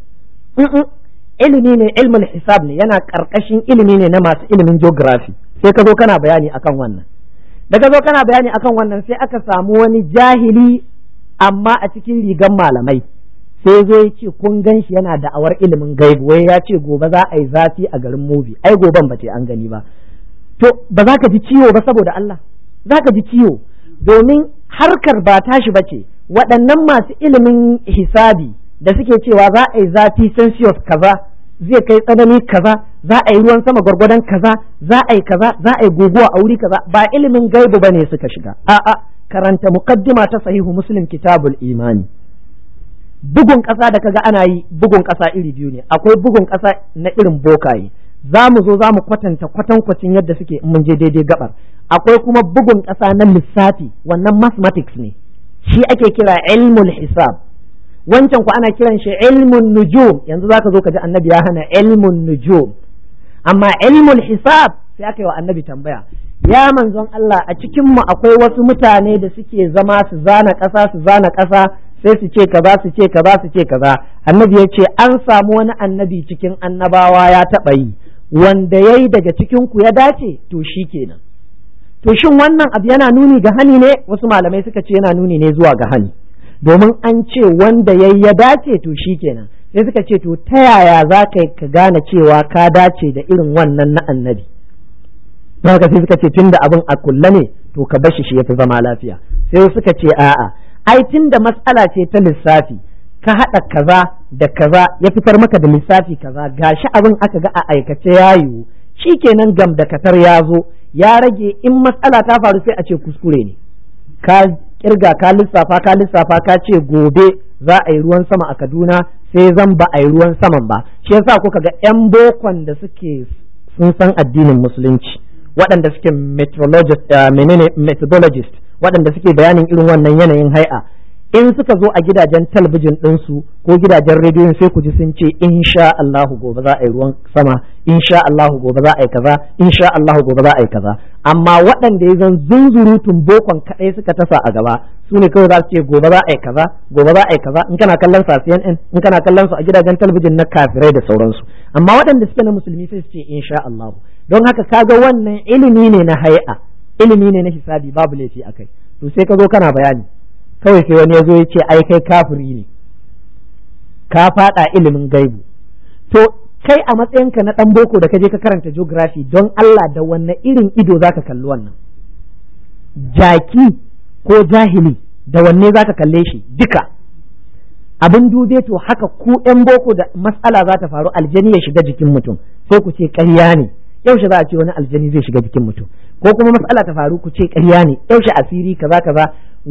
ilimi ne ilimin hisab ne yana karkashin ilimi ne na masu ilimin geography sai ka zo kana bayani akan wannan da ka zo kana bayani akan wannan sai aka samu wani jahili amma a cikin rigan malamai sai zo ya ce kun gan shi yana da'awar ilimin gaibu wai ya ce gobe za a yi zafi a garin mubi ai goben ba ce an gani ba to ba za ka ji ciwo ba saboda Allah za ka ji ciwo domin harkar ba tashi ba ce waɗannan masu ilimin hisabi da suke cewa za a yi zafi celsius kaza zai kai tsanani kaza za a yi ruwan sama gwargwadon kaza za a yi kaza za a yi guguwa a wuri kaza ba ilimin gaibu bane suka shiga a'a karanta muqaddima ta sahihu muslim kitabul imani bugun ƙasa da kaga ana yi bugun ƙasa iri biyu ne akwai bugun ƙasa na irin bokaye za mu zo za mu kwatanta kwatankwacin yadda suke mun je daidai gabar akwai kuma bugun ƙasa na lissafi wannan mathematics ne shi ake kira ilmul hisab wancan ku ana kiran shi ilmun nujum yanzu zaka zo ka ji annabi ya hana ilmun nujum amma ilmul hisab sai aka yi wa annabi tambaya ya manzon Allah a cikin mu akwai wasu mutane da suke zama su zana ƙasa su zana ƙasa sai su ce kaza su ce kaza su ce kaza annabi ya ce an samu wani annabi cikin annabawa ya taɓa yi wanda yayi daga cikin ku ya dace to shi kenan to shin wannan abu yana nuni ga hani ne wasu malamai suka ce yana nuni ne zuwa ga hani domin an ce wanda yayi ya dace to shi kenan sai suka ce to ta yaya za ka ka gane cewa ka dace da irin wannan na annabi ba ka sai suka ce tunda abin a kulle ne to ka bashi shi ya fi zama lafiya sai suka ce a'a ai tun da matsala ce ta lissafi ka haɗa kaza da kaza ya fitar maka da lissafi kaza gashi abin aka ga a aikace ya yiwu kenan gam da katar ya zo ya rage in matsala ta faru sai a ce kuskure ne ka kirga ka lissafa ka lissafa ka ce gobe za a yi ruwan sama a Kaduna sai zan ba a yi ruwan saman ba shi yasa kuka ga yan bokon da suke sun san addinin musulunci waɗanda suke metrologist eh, menene methodologist waɗanda suke bayanin irin wannan yanayin hai'a in suka zo a gidajen talabijin ɗinsu ko gidajen rediyon sai ku ji sun ce insha Allahu gobe za a yi ruwan sama insha Allahu gobe za a yi kaza insha Allahu gobe za a yi kaza amma waɗanda ya zan zunzurutun bokon kaɗai suka tasa a gaba su ne kawai za su ce gobe za a yi kaza gobe za a yi kaza in kana kallon su a CNN in kana kallon su a gidajen talabijin na kafirai da sauransu amma waɗanda suke na musulmi sai su ce insha Allahu don haka kaga wannan ilimi ne na hai'a ilimi ne na hisabi babu laifi a kai to sai ka zo kana bayani kawai sai wani ya zo ya ce ai kai kafiri ne ka faɗa ilimin gaibu to kai a matsayinka na ɗan boko da ka je ka karanta geography don Allah da wanne irin ido za ka kalli wannan jaki ko jahili da wanne za ka kalle shi duka abin dube to haka ku ɗan boko da matsala za ta faru aljani ya shiga jikin mutum sai ku ce ƙarya ne yaushe za a ce wani aljani zai shiga jikin mutum ko kuma matsala ta faru ku ce ƙarya ne yaushe asiri kaza kaza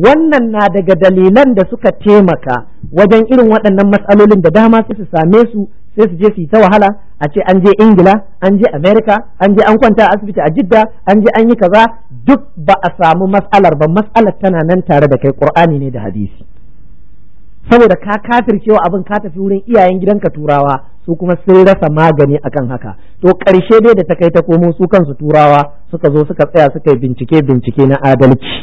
wannan na daga dalilan da suka taimaka wajen irin waɗannan matsalolin da dama sai su same su sai su je su yi ta wahala a ce an je ingila an je america an je an kwanta a asibiti a jidda an je an yi kaza duk ba a samu matsalar ba matsalar tana nan tare da kai qur'ani ne da hadisi saboda ka kafircewa abin ka tafi wurin iyayen gidanka turawa su kuma sun rasa magani akan haka to ƙarshe dai da ta kai ta komo su kansu turawa suka zo suka tsaya suka yi bincike bincike na adalci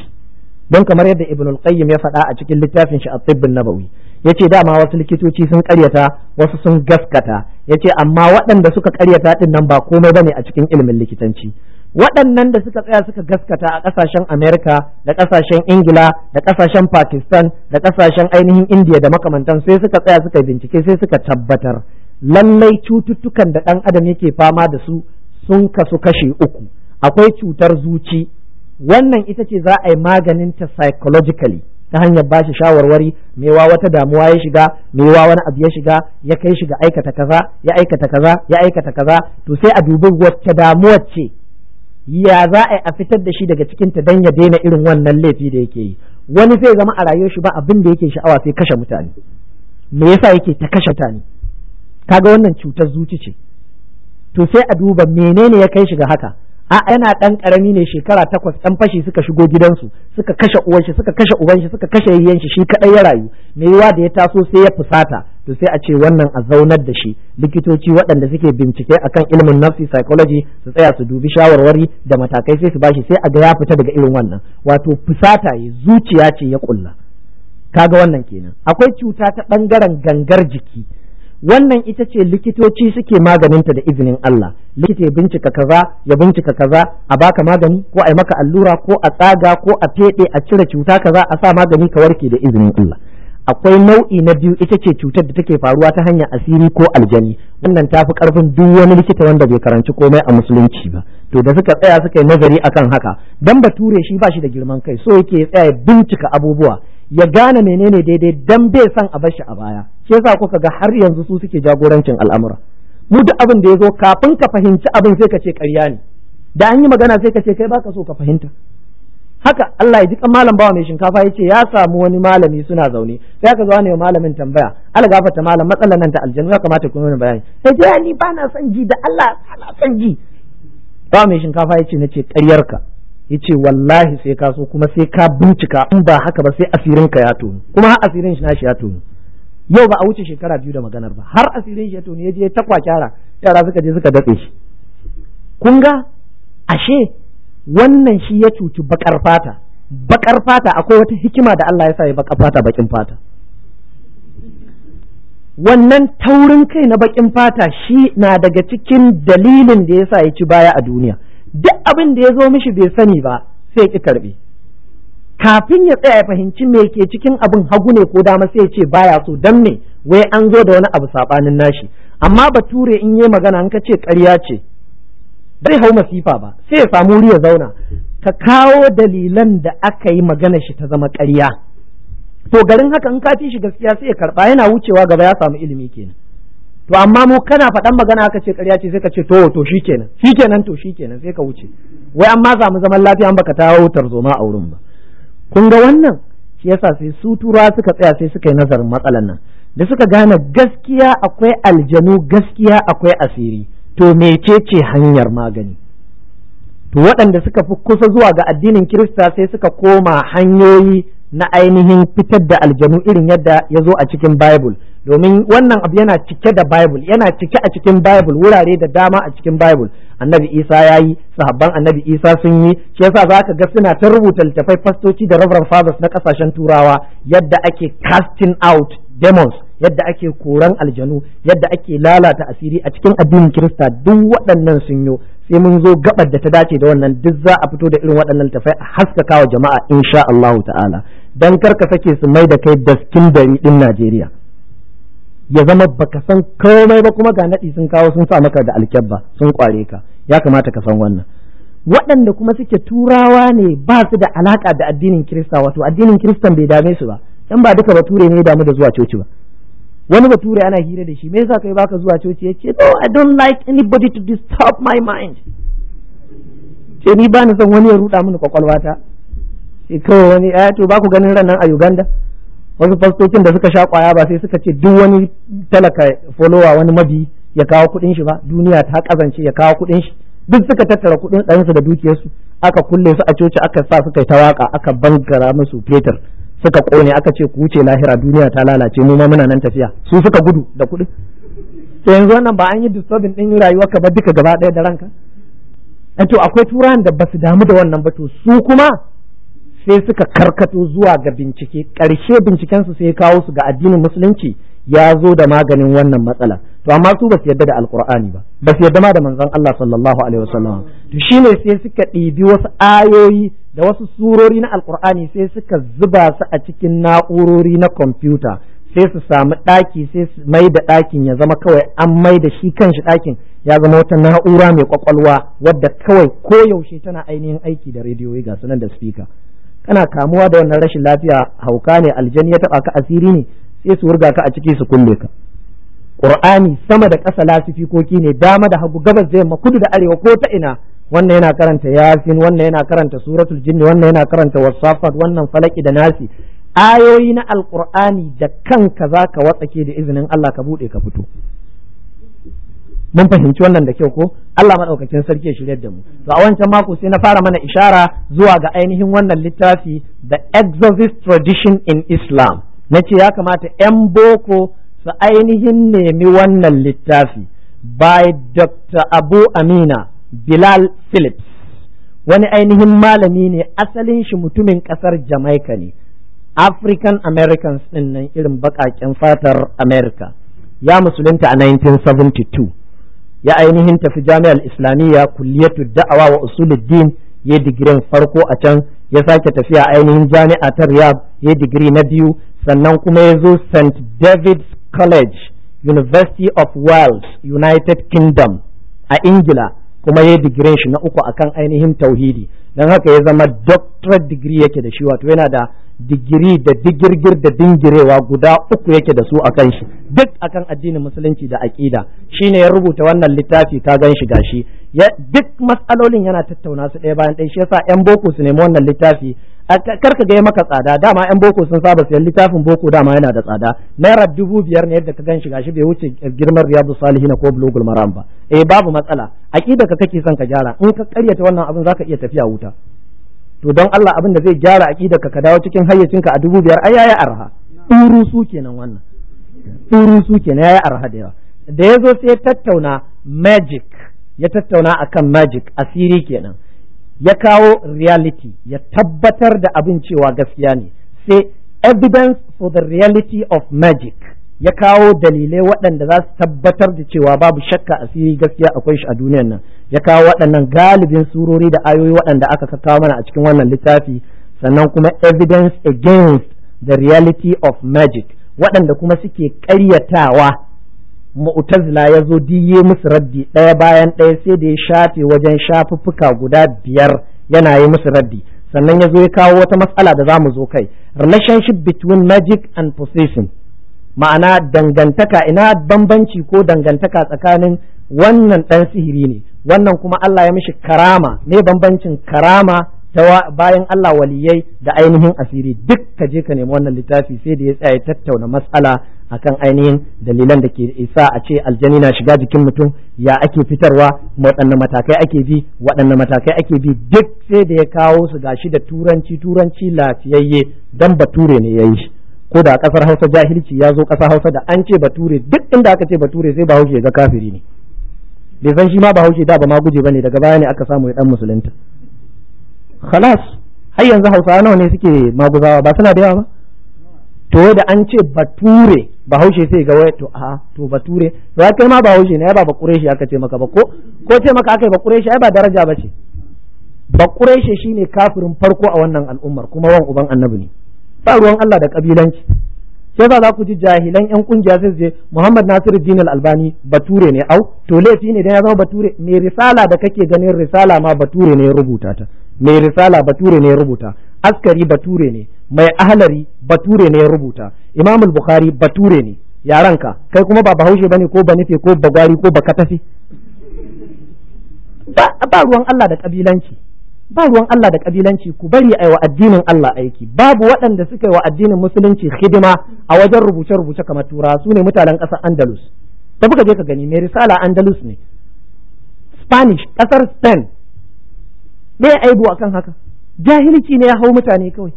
don kamar yadda ibn al-qayyim ya faɗa a cikin littafin shi at-tibb an-nabawi yace dama wasu likitoci sun karyata wasu sun gaskata yace amma waɗanda suka ƙaryata din nan ba komai ba ne a cikin ilimin likitanci waɗannan da suka tsaya suka gaskata a ƙasashen Amerika da ƙasashen Ingila da ƙasashen Pakistan da ƙasashen ainihin Indiya da makamantan sai suka tsaya suka bincike sai suka tabbatar lallai cututtukan da ɗan adam yake fama da su sun kasu kashe uku akwai cutar zuci wannan ita ce za a yi maganinta psychologically ta hanyar ba shi shawarwari mewa wata damuwa ya shiga mewa wani abu ya shiga ya kai shi ga aikata kaza ya aikata kaza ya aikata kaza to sai a dubi wacce damuwar ce ya za a a fitar da shi daga cikin ta dan ya daina irin wannan laifi da yake yi wani zai zama a rayuwar shi ba abin da yake sha'awa sai kashe mutane me yasa yake ta kashe mutane kaga wannan cutar zuci ce to sai a duba menene ya kai shi ga haka a yana dan karami ne shekara takwas dan fashi suka shigo gidansu suka kashe uwan shi suka kashe uban shi suka kashe yayyen shi shi kadai ya rayu me yawa da ya taso sai ya fusata to sai a ce wannan a zaunar da shi likitoci waɗanda suke bincike akan ilimin nafsi psychology su tsaya su dubi shawarwari da matakai sai su bashi sai a ga ya fita daga irin wannan wato fusata ya zuciya ce ya kulla kaga wannan kenan akwai cuta ta bangaren gangar jiki wannan ita ce likitoci suke maganinta da izinin Allah likita ya bincika kaza ya bincika kaza a baka magani ko a yi maka allura ko a tsaga ko a feɗe a cire cuta kaza a sa magani ka warke da izinin Allah akwai nau'i na biyu ita ce cutar da take faruwa ta hanyar asiri ko aljani wannan ta fi karfin duk wani likita wanda bai karanci komai a musulunci ba to da suka tsaya suka yi nazari akan haka dan bature shi ba shi da girman kai so yake ya tsaya bincika abubuwa ya gane menene daidai dan bai san a bashi a baya shi yasa kuka ga har yanzu su suke jagorancin al'amura mu duk abin da ya zo kafin ka fahimci abin sai ka ce ƙarya ne da an yi magana sai ka ce kai baka so ka fahimta haka Allah ya ji kan malam bawa mai shinkafa ya ce ya samu wani malami suna zaune sai aka zo ne malamin tambaya ala gafarta malam matsalar nan ta aljanna ya kamata ku nuna bayani sai ce ni ba na son ji da Allah ana son ji bawa mai shinkafa ya ce ce ƙaryarka ce wallahi sai ka so kuma sai ka bincika in ba haka ba sai asirin ka ya tonu kuma har asirin shi nashi ya tonu yau ba a wuce shekara biyu da maganar ba har asirin shi ya tonu yaje ta kwakyara yara suka je suka datse shi kun ga ashe wannan shi ya cuci bakar fata bakar fata akwai wata hikima da Allah ya sa ya bakar fata bakin fata wannan taurin kai na bakin fata shi na daga cikin dalilin da ya sa ya ci baya a duniya duk abin da ya zo mishi bai sani ba sai ki karbi kafin ya tsaya ya fahimci me ke cikin abin hagu ne ko dama sai ya ce baya so dan me wai an zo da wani abu sabanin nashi amma bature in yi magana an ka ce ƙarya ce bai hau masifa ba sai ya samu wuri ya zauna ka kawo dalilan da aka yi magana shi ta zama ƙarya to garin haka in ka ci shi gaskiya sai ya karba yana wucewa gaba ya samu ilimi kenan to amma mu kana faɗan magana aka ce ƙarya ce sai ka ce to to shikenan shikenan to shikenan sai ka wuce wai amma samu zaman lafiya an baka tawo tarzoma a wurin ba kun ga wannan shi yasa sai su turawa suka tsaya sai suka yi nazarin matsalan nan da suka gane gaskiya akwai aljanu gaskiya akwai asiri to mecece hanyar magani to waɗanda suka fi kusa zuwa ga addinin kirista sai suka koma hanyoyi na ainihin fitar da aljanu irin yadda ya zo a cikin bible domin wannan abu yana cike da bible yana cike a cikin bible wurare da dama a cikin bible annabi isa ya yi sahabban annabi isa sun yi shi yasa za ka ga suna ta rubuta littafai fastoci da reverend fathers na kasashen turawa yadda ake casting out demons yadda ake koran aljanu yadda ake lalata asiri a cikin addinin kirista duk waɗannan sun yi sai mun zo gabar da ta dace da wannan duk za a fito da irin waɗannan littafai a haskakawa jama'a insha Allahu ta'ala dan ka sake su mai da kai daskin dari din Najeriya ya zama baka san komai ba kuma ga naɗi sun kawo sun sa maka da alkyabba sun kware ka ya kamata ka san wannan waɗanda kuma suke turawa ne ba su da alaka da addinin kirista wato addinin kiristan bai dame su ba dan ba duka bature ne ya damu da zuwa coci ba wani bature ana hira da shi me yasa kai baka zuwa coci yace no i don't like anybody to disturb my mind ce ni ba ni son wani ya ruda mini kwakwalwata sai kawai wani ya eh, to ba ku ganin ran nan a Uganda wasu fastocin da suka sha kwaya ba sai suka ce duk wani talaka folowa wani mabi ya kawo kuɗin shi ba duniya ta kazance ya kawo kuɗin shi duk suka tattara kuɗin ɗansu da dukiyarsu aka kulle su a coci aka sa suka yi ta waka aka bangara musu fetur suka kone aka ce ku wuce lahira duniya ta lalace mu ma muna nan tafiya su suka gudu da kudin to yanzu wannan ba an yi disturbing din ka ba duka gaba ɗaya da ranka eh to akwai turan da basu damu da wannan ba to su kuma sai suka karkato zuwa ga bincike ƙarshe bincikensu sai kawo su ga addinin musulunci ya zo da maganin wannan matsala to amma su ba su yarda da alkur'ani ba ba su yarda ma da manzon Allah sallallahu alaihi wasallam to shine sai suka ɗibi wasu ayoyi da wasu surori na alkur'ani sai suka zuba su a cikin na'urori na kwamfuta sai su samu ɗaki sai su mai da ɗakin ya zama kawai an mai da shi kan shi ɗakin ya zama wata na'ura mai kwakwalwa wadda kawai koyaushe tana ainihin aiki da rediyoyi ga sunan da speaker kana kamuwa da wannan rashin lafiya hauka ne aljani ya taba ka asiri ne sai su wurga ka a ciki su kulle ka qur'ani sama da ƙasa lasifikoki ne dama da hagu gabas da yamma kudu da arewa ko ta ina wannan yana karanta yasin wannan yana karanta suratul jinni wannan yana karanta wasafat wannan falaki da nasi ayoyi na alqur'ani da kanka zaka watsake da izinin Allah ka bude ka fito mun fahimci wannan da kyau ko Allah madaukakin sarki ya shirye da mu to a wancan mako sai na fara mana ishara zuwa ga ainihin wannan littafi the exorcist tradition in Islam na ce ya kamata yan boko su ainihin nemi wannan littafi by Dr. Abu Amina Bilal Phillips wani ainihin malami ne asalin shi mutumin kasar Jamaica ne African Americans din nan irin baƙaƙen fatar America ya musulunta a 1972 ya ainihin tafi jami'ar islamiyya kulliyatu da'awa wa usuluddin ya digirin farko a can ya sake tafiya ainihin jami'a ta riyab ya digiri na biyu sannan kuma ya zo st david's college university of wales united kingdom a ingila kuma ya digirin shi na uku akan ainihin tauhidi don haka ya zama doctorate degree yake da shi wato yana da digiri da digirgir da dingirewa guda uku yake da su akan shi duk akan addinin musulunci da aƙida shi ne ya rubuta wannan littafi ka gan shi gashi duk matsalolin yana tattauna su ɗaya bayan ɗaya shi yasa yan boko su nemi wannan littafi kar ka ga maka tsada dama yan boko sun saba sayan littafin boko dama yana da tsada naira dubu biyar ne yadda ka gan shi gashi bai wuce girman riyadu salihin ko bulugul maram ba eh babu matsala aqida ka kake son ka gyara in ka karyata wannan abin zaka iya tafiya wuta to don Allah abin da zai gyara aqida ka ka dawo cikin hayyacinka a dubu biyar ai yayi arha tsuru su kenan wannan tsuru su kenan yayi arha da yawa da yazo sai ya tattauna magic ya tattauna akan magic asiri kenan ya kawo reality ya tabbatar da abin cewa gaskiya ne sai evidence for the reality of magic ya kawo dalilai waɗanda za su tabbatar da cewa babu shakka asiri gaskiya akwai shi a duniyar nan ya kawo waɗannan galibin surori da ayoyi waɗanda aka kawo mana a cikin wannan littafi sannan kuma evidence against the reality of magic waɗanda kuma suke ƙaryatawa mu'tazila ya zo diye musu raddi ɗaya bayan ɗaya sai da ya shafe wajen shafuffuka guda biyar yana yi musu raddi sannan ya zo ya kawo wata matsala da za mu zo kai relationship between magic and possession ma'ana dangantaka ina bambanci ko dangantaka tsakanin wannan ɗan sihiri ne wannan kuma Allah ya mishi karama me bambancin karama bayan Allah waliyai da ainihin asiri duk ka je ka nemi wannan littafi sai da ya tsaya tattauna matsala akan ainihin dalilan da ke isa a ce aljani na shiga jikin mutum ya ake fitarwa waɗanne matakai ake bi waɗanne matakai ake bi duk sai da ya kawo su gashi da turanci turanci lafiyayye dan bature ne yayi yi ko da kasar hausa jahilci ya zo kasar hausa da an ce bature duk inda aka ce bature sai bahaushe ga kafiri ne bai san shi ma bahaushe da ba ma guje bane daga baya ne aka samu ya dan musulunta khalas har yanzu hausawa nawa ne suke maguzawa ba suna da yawa ba to da an ce bature bahaushe sai ga waya to a to bature to kai ma bahaushe ne ya ba bakureshi aka ce maka ba ko ko ce maka aka yi bakureshi ai ba daraja ba ce bakure shi shine kafirin farko a wannan al'ummar kuma wan uban annabi ne ba ruwan Allah da kabilanci sai ba za ku ji jahilan yan kungiya sai je Muhammad Nasiru Din Albani bature ne au to laifi ne dan ya zama bature mai risala da kake ganin risala ma bature ne ya rubuta ta mai risala bature ne ya rubuta askari bature ne mai ahlari bature ne ya rubuta imamul bukhari bature ne yaranka kai kuma ba bahaushe bane ko ba nufe ko ba gwari ko ba ba ba ruwan Allah da kabilanci ba ruwan Allah da kabilanci ku bari ai wa addinin Allah aiki babu waɗanda suka yi wa addinin musulunci hidima a wajen rubuce rubuce kamar tura su ne mutanen ƙasar Andalus Da kuka je ka gani mai risala Andalus ne Spanish ƙasar Spain me aibu kan haka jahilci ne ya hau mutane kawai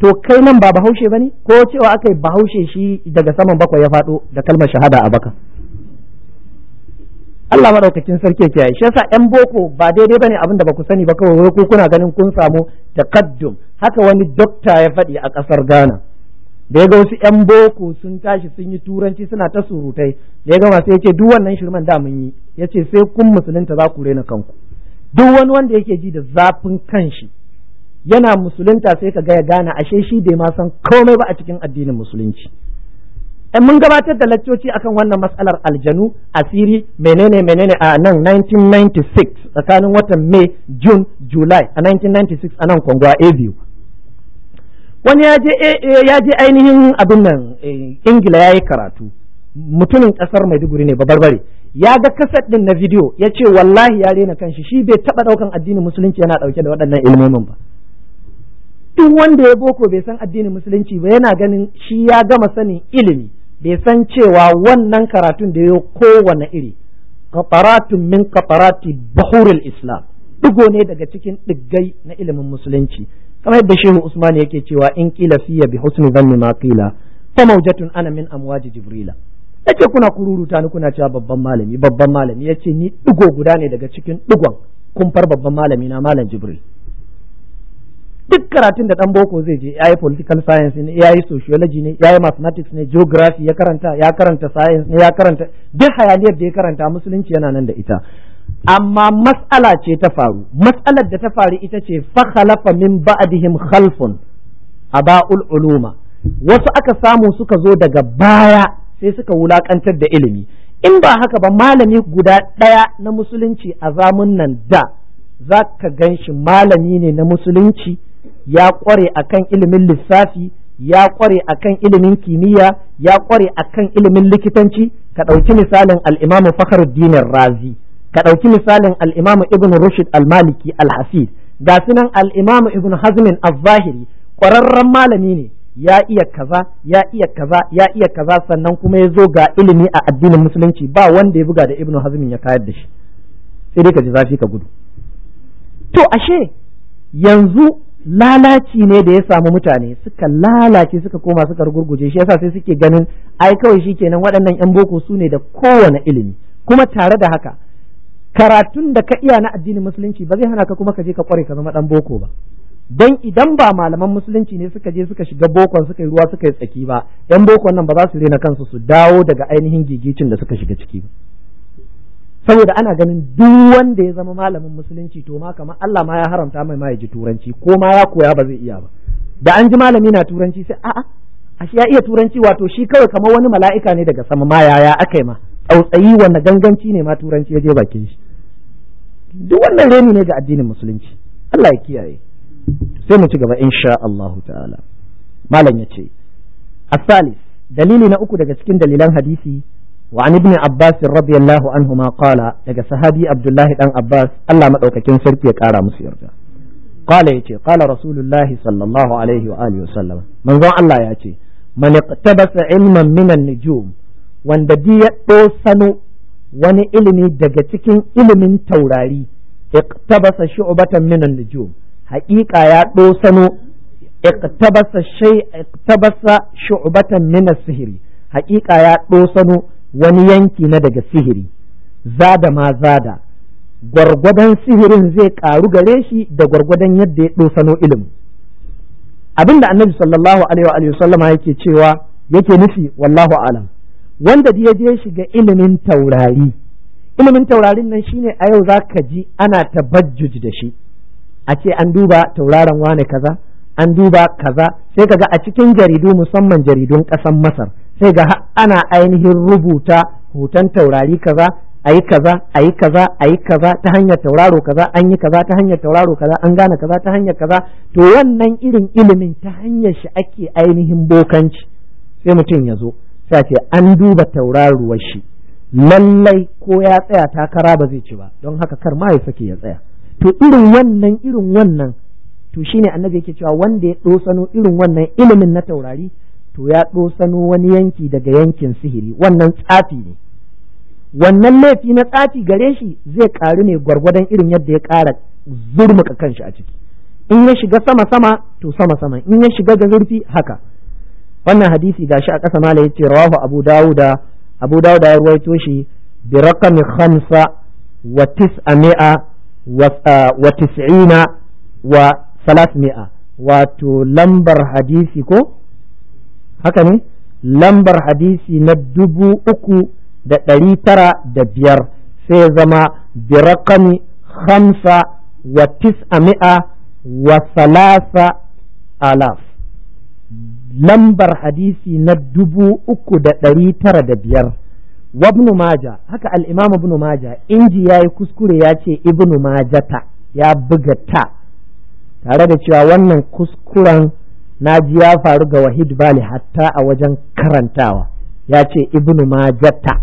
to kai nan ba bahaushe ba ne ko cewa aka yi bahaushe shi daga saman bakwai ya faɗo da kalmar shahada a baka Allah madaukakin sarki ya kiyaye shi yasa yan boko ba daidai ba ne abin da ba ku sani ba kawai wai ku kuna ganin kun samu takaddum haka wani dokta ya faɗi a ƙasar Ghana da ya ga wasu yan boko sun tashi sun yi turanci suna ta surutai da ya gama sai ya ce duk wannan shirman da mun yi ya ce sai kun musulunta za ku rena kanku duk wani wanda yake ji da zafin kanshi yana musulunta sai ka gaya gana gane ashe shi da ma san komai ba a cikin addinin musulunci eh, mun gabatar da laccoci akan wannan matsalar aljanu asiri menene menene a nan 1996 tsakanin watan May June July a 1996 a nan Kongo a biyu wani eh, eh, ya je ainihin abin nan Ingila ya yi karatu mutumin ƙasar Maiduguri ne babarbare ya ga kaset din na bidiyo ya ce wallahi ya rena kanshi shi bai taɓa ɗaukan addinin musulunci yana ɗauke da waɗannan ilimin ba duk wanda ya boko bai san addinin musulunci ba yana ganin shi ya gama sanin ilimi bai san cewa wannan karatun da ya kowane iri kafaratun min kafarati bahurul islam digo ne daga cikin diggai na ilimin musulunci kamar yadda shehu usman yake cewa in kila fiya bi husni zanni ma qila fa mawjatun ana min amwaji jibrila yace kuna kururuta ni kuna cewa babban malami babban malami yace ni digo guda ne daga cikin digon kumfar babban malami na malam jibril duk karatun da dan boko zai je yayi political science ne yayi sociology ne yayi mathematics ne geography ya karanta ya karanta science ne ya karanta duk hayaniyar da ya karanta musulunci yana nan da ita amma mas'ala ce ta faru mas'alar da ta faru ita ce fa khalafa min ba'dihim khalfun aba'ul uluma wasu aka samu suka zo daga baya sai suka wulakantar da ilimi in ba haka ba malami guda ɗaya na musulunci a zamun nan da za ka gan shi malami ne na musulunci ya ƙware akan ilimin lissafi ya ƙware akan ilimin kimiyya ya ƙware akan ilimin likitanci ka ɗauki misalin al'imamu fakhruddin razi ka ɗauki misalin al'imamu ibn rushd al-maliki al-hasid ga sunan al'imamu ibn hazmin al-zahiri ƙwararren malami ne ya iya kaza ya iya kaza ya iya kaza sannan kuma ya zo ga ilimi a addinin musulunci ba wanda ya buga da ibnu hazmin ya kayar da shi sai dai ka ji zafi ka gudu to ashe yanzu lalaci ne da ya samu mutane suka lalace suka koma suka rugurguje shi yasa sai suke ganin ai kawai shi kenan waɗannan yan boko su ne da kowane ilimi kuma tare da haka karatun da ka iya na addinin musulunci ba zai hana ka kuma ka je ka kware ka zama dan boko ba Don idan ba malaman musulunci ne suka je suka shiga bokon suka yi ruwa suka yi tsaki ba yan bokon nan ba za su rena kansu su dawo daga ainihin gigicin da suka shiga ciki ba saboda ana ganin duk wanda ya zama malamin musulunci to ma kamar Allah ma ya haramta mai ma ya ji turanci ko ma ya koya ba zai iya ba da an ji malami na turanci sai a'a ashe ya iya turanci wato shi kawai kamar wani mala'ika ne daga sama ma yaya akai ma tsautsayi wannan ganganci ne ma turanci ya je bakin shi duk wannan reni ne ga addinin musulunci Allah ya kiyaye sai mu ci gaba insha Allah ta'ala malam yace الثالث dalili na uku daga cikin dalilan hadisi wa an ibn abbas radiyallahu anhu ma qala daga sahabi abdullahi dan abbas Allah madaukakin sarki ya kara musu yarda qala yace qala rasulullahi sallallahu alaihi wa alihi wasallam manzon Allah ya ce man iqtabasa ilman min an-nujum wanda bi ya sano wani ilimi daga cikin ilimin taurari iqtabasa shu'batan min an-nujum haƙiƙa ya ɗosano iktabasa shay iktabasa shu'batan min sihiri haƙiƙa ya ɗosano wani yanki na daga sihiri zada ma zada gwargwadon sihirin zai ƙaru gare shi da gwargwadon yadda ya ɗosano ilimi abinda annabi sallallahu alaihi wa sallama yake cewa yake nufi wallahu alam wanda ya je shiga ilimin taurari ilimin taurarin nan shine a yau zaka ji ana tabajjuj da shi a ce an duba tauraron wane kaza an duba kaza sai kaga a cikin jaridu musamman jaridun ƙasan masar sai ga ana ainihin rubuta hoton taurari kaza a yi kaza a yi kaza a yi kaza ta hanyar tauraro kaza an yi kaza ta hanyar tauraro kaza an gane kaza ta hanyar kaza to wannan irin ilimin ta hanyar shi ake ainihin bokanci sai mutum ya zo sai ce an duba tauraruwar shi lallai ko ya tsaya takara ba zai ci ba don haka kar ma ya sake ya tsaya to irin wannan irin wannan to shine annabi yake cewa wanda ya dosano irin wannan ilimin na taurari to ya dosano wani yanki daga yankin sihiri wannan tsafi ne wannan laifi na tsafi gare shi zai karu ne gwargwadon irin yadda ya kara zurmuka kanshi a ciki in ya shiga sama sama to sama sama in ya shiga ga zurfi haka wannan hadisi gashi a ƙasa mala yace rawahu abu dawuda abu dawuda ya ruwaito shi bi raqami khamsa wa tis'a mi'a Ah, wa tis'ina wa salasmi'a wato lambar hadisi ko haka ne lambar hadisi na dubu uku da ɗari tara da biyar sai zama birakami hamsa wa tis'ami'a wa salasa alaf lambar hadisi na dubu uku da ɗari tara da biyar wa maja haka al-imam ibn maja inji yayi kuskure ya ce ibn majata ya buga ta tare da cewa wannan kuskuren naji ya faru ga wahid bali hatta a wajen karantawa ya ce ibn majata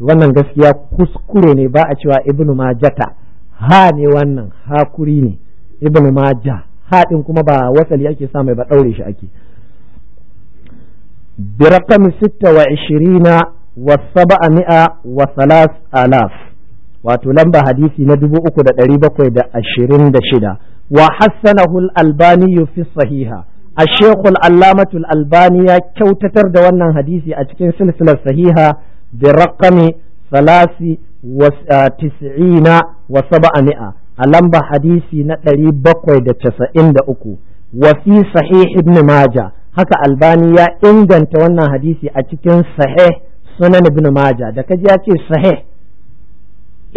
wannan gaskiya kuskure ne ba a cewa ibn majata ha ne wannan hakuri ne ibn maja din kuma ba wasali ake sa mai ba ɗaure shi ake برقم ستة وعشرين wasaba'a mi'a wa salas alaf wato lamba hadisi na dubu uku da ɗari bakwai da ashirin da shida wa hassanahu albani fi sahiha a shekul allamatul albani ya kyautatar da wannan hadisi a cikin silsilar sahiha bi rakami salasi wa tis'ina wa saba'a mi'a a lamba hadisi na ɗari bakwai da casa'in da uku wa fi sahih haka albani ya inganta wannan hadisi a cikin sahih sunan ibn maja da kaji ya ce sahih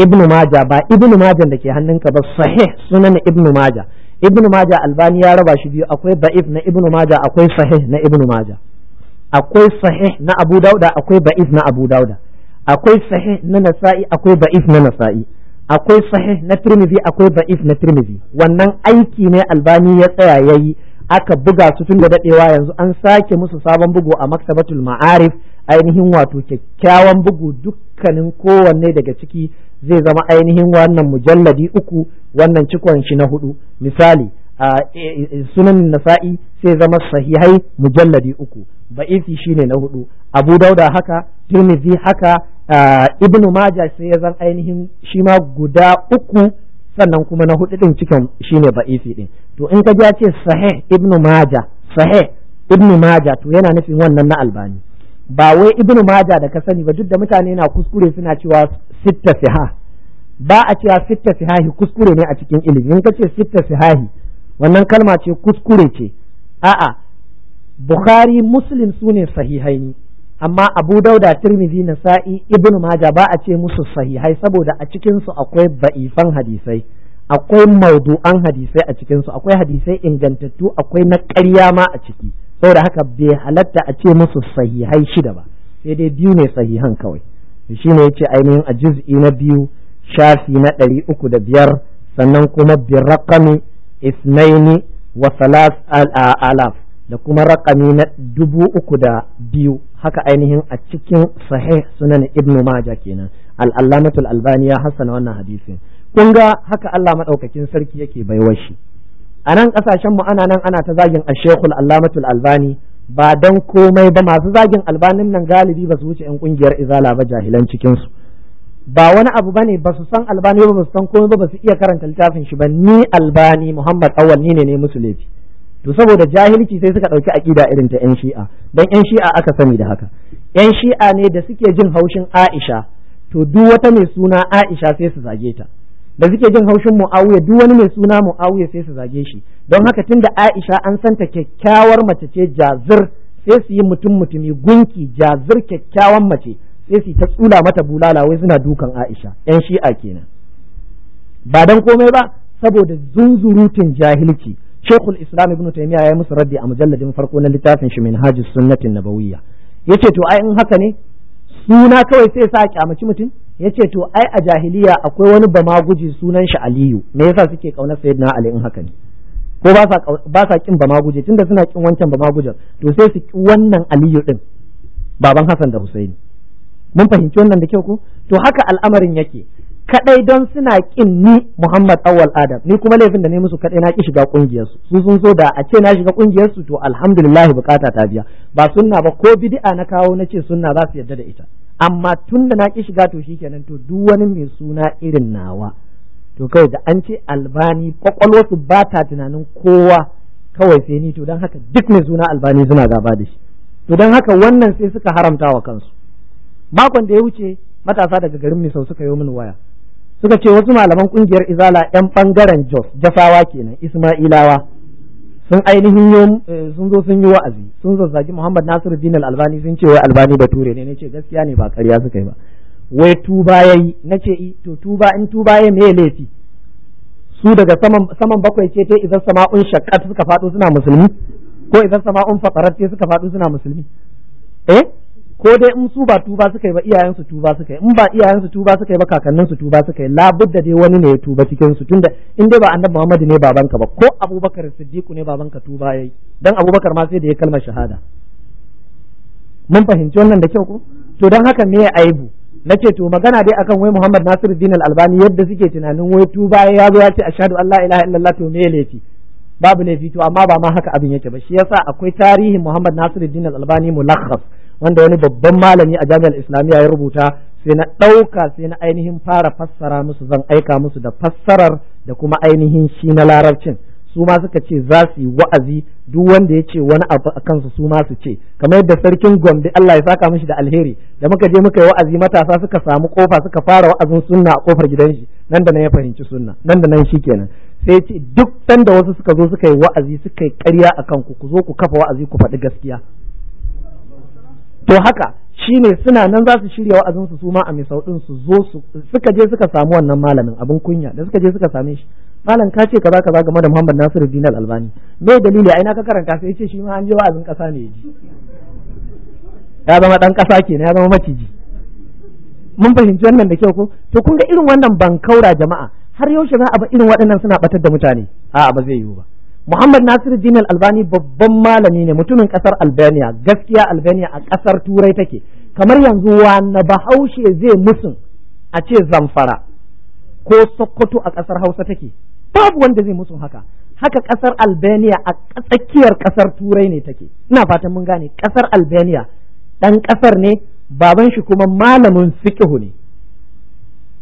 ibn maja ba ibn maja da ke hannunka ba sahih sunan ibn maja ibn maja albani ya raba shi biyu akwai ba'if na ibn maja akwai sahih na ibn maja akwai sahih na abu dauda akwai ba'if na abu dauda akwai sahih na nasa'i akwai ba'if na nasa'i akwai sahih na tirmidhi akwai ba'if na tirmidhi wannan aiki ne albani ya tsaya yayi aka buga su tun da dadewa yanzu an sake musu sabon bugu a maktabatul ma'arif ainihin wato kyakkyawan bugu dukkanin kowanne daga ciki zai zama ainihin wannan mujalladi uku wannan cikon shi na hudu misali a e, e, sunan nasa'i sai zama sahihai mujalladi uku ba'ifi shine na hudu abu dauda haka tirmidhi haka ibn maja sai ya zan ainihin shi ma guda uku sannan kuma na hudu din cikin shine ba'ifi din to in ka ce sahih ibnu maja sahih ibnu maja to yana nufin wannan na albani ba wai ibnu maja da ka sani ba duk da mutane na kuskure suna cewa sitta siha ba a cewa sitta sihahi kuskure ne a cikin ilimi in kace sitta sihahi wannan kalma ce kuskure ce a'a bukhari muslim su ne sahihaini amma abu dauda tirmidhi nasa'i ibnu maja ba a ce musu sahihai saboda a cikin su akwai ba'ifan hadisai akwai maudu'an hadisai a cikin su akwai hadisai ingantattu akwai na ƙarya ma a ciki saboda haka bai halatta a ce musu sahihai shida ba sai dai biyu ne sahihan kawai shi ne yace ainihin a juz'i na biyu shafi na ɗari uku da biyar sannan kuma bi isnaini wa salas alaf da kuma raqami na dubu uku da biyu haka ainihin a cikin sahih sunan ibn maja kenan al'allamatul albani ya hassana wannan hadisin kun ga haka Allah maɗaukakin sarki yake baiwar shi a nan kasashen mu ana nan ana ta zagin ashekul allamatul albani ba don komai ba masu zagin albanin nan galibi ba su wuce yan kungiyar izala ba jahilan cikin su ba wani abu bane ba su san albani ba su san komai ba ba su iya karanta littafin shi ba ni albani muhammad awal ni ne ne musu laifi to saboda jahilci sai suka ɗauki aƙida irin ta yan shi'a dan yan shi'a aka sani da haka yan shi'a ne da suke jin haushin aisha to duk wata mai suna aisha sai su zage ta da suke jin haushin Muawiya duk wani mai suna Muawiya sai su zage shi don haka tun da Aisha an santa kyakkyawar mace ce jazir sai su yi mutum mutumi gunki jazir kyakkyawan mace sai su ta tsula mata bulala wai suna dukan Aisha yan shi'a kenan ba dan komai ba saboda zunzurutun jahilci shekul Islam Ibn Taymiyyah ya musu raddi a mujalladin farko na littafin shi Minhajus Sunnatin Nabawiyya yace to ai in haka ne suna kawai sai sa kyamaci mutum yace to ai a jahiliya akwai wani bamaguji sunan shi aliyu me yasa suke kauna sayyidina ali in haka ne ko ba sa ba sa kin bamaguje tunda suna kin wancan bamagujen to sai su wannan aliyu din baban hasan da husaini mun fahimci wannan da kyau ko to haka al'amarin yake kadai don suna kin ni Muhammad Awwal Adam ni kuma laifin da ne musu kadai na ki shiga kungiyar su su sun so da a ce na shiga kungiyar su to alhamdulillah bukata ta biya ba sunna ba ko bid'a na kawo na ce sunna za su yarda da ita amma tun da na ƙi shiga to shi kenan to duk wani mai suna irin nawa to kawai da an ce albani kwakwalwarsu ba ta tunanin kowa kawai sai ni to don haka duk mai suna albani suna gaba da shi to don haka wannan sai suka haramta wa kansu makon da ya wuce matasa daga garin misau suka yi min waya suka ce wasu malaman kungiyar izala yan bangaren jos jasawa kenan ismailawa sun ainihin eh, sun zo sun yi wa'azi sun zazzagi Muhammad Nasiru Din Albani sun ce wai Albani Bature ne nace gaskiya ne ba karya suka yi ba wai tuba yayi nace to tuba in tuba yayi me laifi su daga saman bakwai ce ta idan sama'un shaqqat suka faɗo suna musulmi ko idan sama'un faqarat ce suka faɗo suna musulmi eh ko dai in su ba tuba suka yi ba iyayen su tuba suka yi in ba iyayen su tuba suka yi ba kakannin su tuba suka yi labudda dai wani ne ya tuba cikin su tunda in dai ba annabi Muhammad ne babanka ba ko Abubakar Siddiqu ne babanka tuba yayi dan Abubakar ma sai da ya kalmar shahada mun fahimci wannan da kyau ko to dan haka me ya aibu nace to magana dai akan wai Muhammad Nasiruddin Al-Albani yadda suke tunanin wai tuba ya zo ya ce ashhadu an la ilaha illallah to me laifi babu laifi to amma ba ma haka abin yake ba shi yasa akwai tarihin Muhammad Nasiruddin Al-Albani mulakhas wanda wani babban malami a jami'ar islamiyya ya rubuta sai na ɗauka sai na ainihin fara fassara musu zan aika musu da fassarar da kuma ainihin shi na larabcin su ma suka ce za su yi wa'azi duk wanda ya ce wani abu a kansu su ma su ce kamar yadda sarkin gombe Allah ya saka mishi da alheri da muka je muka yi wa'azi matasa suka samu kofa suka fara wa'azin sunna a kofar gidan shi nan da nan ya fahimci sunna nan da nan shikenan sai ce duk sanda wasu suka zo suka yi wa'azi suka yi ƙarya akan ku ku zo ku kafa wa'azi ku faɗi gaskiya to haka shi ne suna nan za su shirya wa'azinsu su ma a misau ɗin su zo su suka je suka samu wannan malamin abin kunya da suka je suka same shi malam ka ce kaza kaza game da Muhammad Nasiru Dinar albani me dalili ai na ka karanta sai ce shi ma an je wa'azin kasa ne ji ya zama dan kasa kenan ya zama maciji mun fahimci wannan da kyau ko to kun ga irin wannan bankaura jama'a har yaushe za a ba irin waɗannan suna batar da mutane a'a ba zai yiwu ba Muhammad Nasir Din Albani babban malami ne mutumin kasar Albania gaskiya Albania a kasar Turai take kamar yanzu na Bahaushe zai musun a ce Zamfara ko Sokoto a kasar Hausa take babu wanda zai musun haka haka kasar Albania a tsakiyar kasar Turai ne take ina fatan mun gane kasar Albania dan kasar ne baban shi kuma malamin fiqhu ne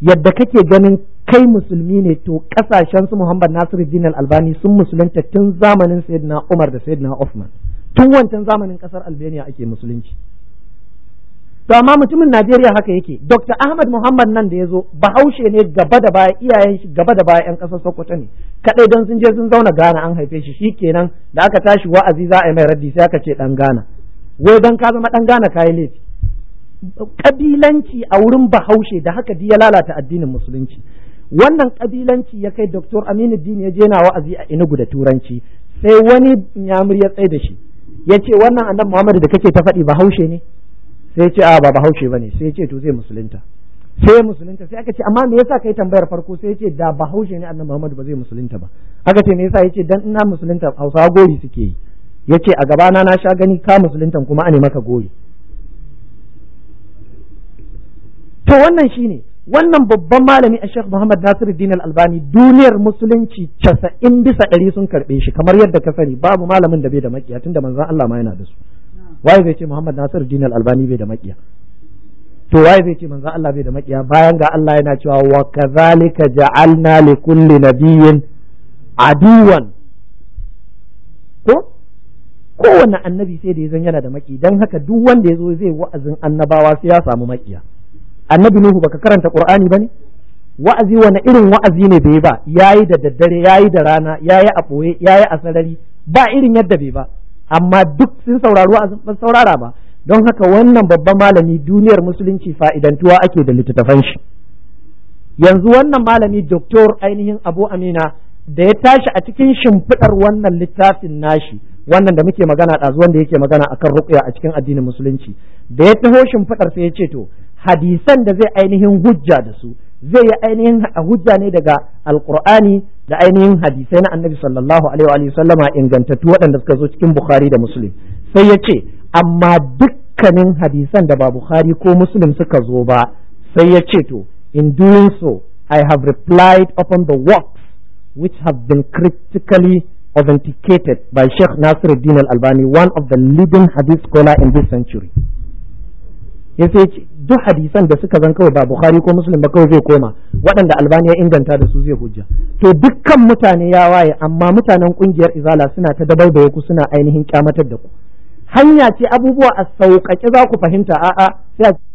yadda kake ganin kai musulmi ne to kasashen su Muhammad Nasiru al Albani sun musulunta tun zamanin Sayyidina Umar da Sayyidina Uthman tun wancan zamanin kasar Albania ake musulunci to amma mutumin Najeriya haka yake Dr. Ahmad Muhammad nan da ya zo bahaushe ne gaba da baya iyayen shi gaba da baya yan kasar Sokoto ne kadai don sun je sun zauna Ghana an haife shi shikenan da aka tashi wa'azi za a yi mai raddi sai aka ce dan Ghana wai dan ka zama dan Ghana kai laifi kabilanci a wurin bahaushe da haka ya lalata addinin musulunci wannan kabilanci ya kai Dr. Aminu Dini ya je na wa'azi a Enugu da Turanci sai wani nyamur ya tsaye da shi ya ce wannan annabi Muhammadu da kake ta faɗi ba haushe ne sai ya ce a ba ba haushe bane sai ya ce to zai musulunta sai musulunta sai aka ce amma me yasa kai tambayar farko sai ya ce da ba haushe ne annabi Muhammadu ba zai musulunta ba aka ce me yasa ya ce dan ina musulunta Hausawa gori suke yi ya ce a gaba na na sha gani ka musulunta kuma ne maka gori to wannan shine wannan babban malami a Sheikh Muhammad Nasiruddin Al-Albani duniyar musulunci 90 bisa ɗari sun karɓe shi kamar yadda ka sani babu malamin da bai da makiya tunda manzon Allah ma yana da su waye zai ce Muhammad Nasiruddin Al-Albani bai da makiya to waye zai ce manzon Allah bai da makiya bayan ga Allah yana cewa wa kadhalika ja'alna li kulli nabiyyin aduwan ko kowanne annabi sai da ya yana da maki dan haka duk wanda ya zo zai wa'azin annabawa sai ya samu makiya annabi nuhu baka karanta qur'ani bane wa'azi wani irin wa'azi ne bai ba yayi da daddare yayi da rana yayi a boye yayi a sarari ba irin yadda bai ba amma duk sun saurari wa'azin ba saurara ba don haka wannan babban malami duniyar musulunci fa'idantuwa ake da littattafan shi yanzu wannan malami doktor ainihin abu amina da ya tashi a cikin shimfiɗar wannan littafin nashi wannan da muke magana ɗazu wanda yake magana akan ruqya a cikin addinin musulunci da ya taho shimfiɗar sai ya ce to hadisan da zai ainihin hujja da su zai yi ainihin hujja ne daga alqur'ani da ainihin hadisai na annabi sallallahu alaihi wa sallama ingantattu waɗanda suka zo cikin bukhari da muslim sai ya ce amma dukkanin hadisan da ba bukhari ko muslim suka zo ba sai ya ce to in doing so i have replied upon the works which have been critically authenticated by Sheikh Nasiruddin Al-Albani, one of the leading hadith scholar in this century. ya sai duk hadisan da suka zan kawai ba bukhari ko muslim ba kawai zai koma waɗanda albani ya inganta da su zai hujja to dukkan mutane ya waye amma mutanen kungiyar izala suna ta dabar da ku suna ainihin kyamatar da ku hanya ce abubuwa a sauƙaƙe za ku fahimta a'a sai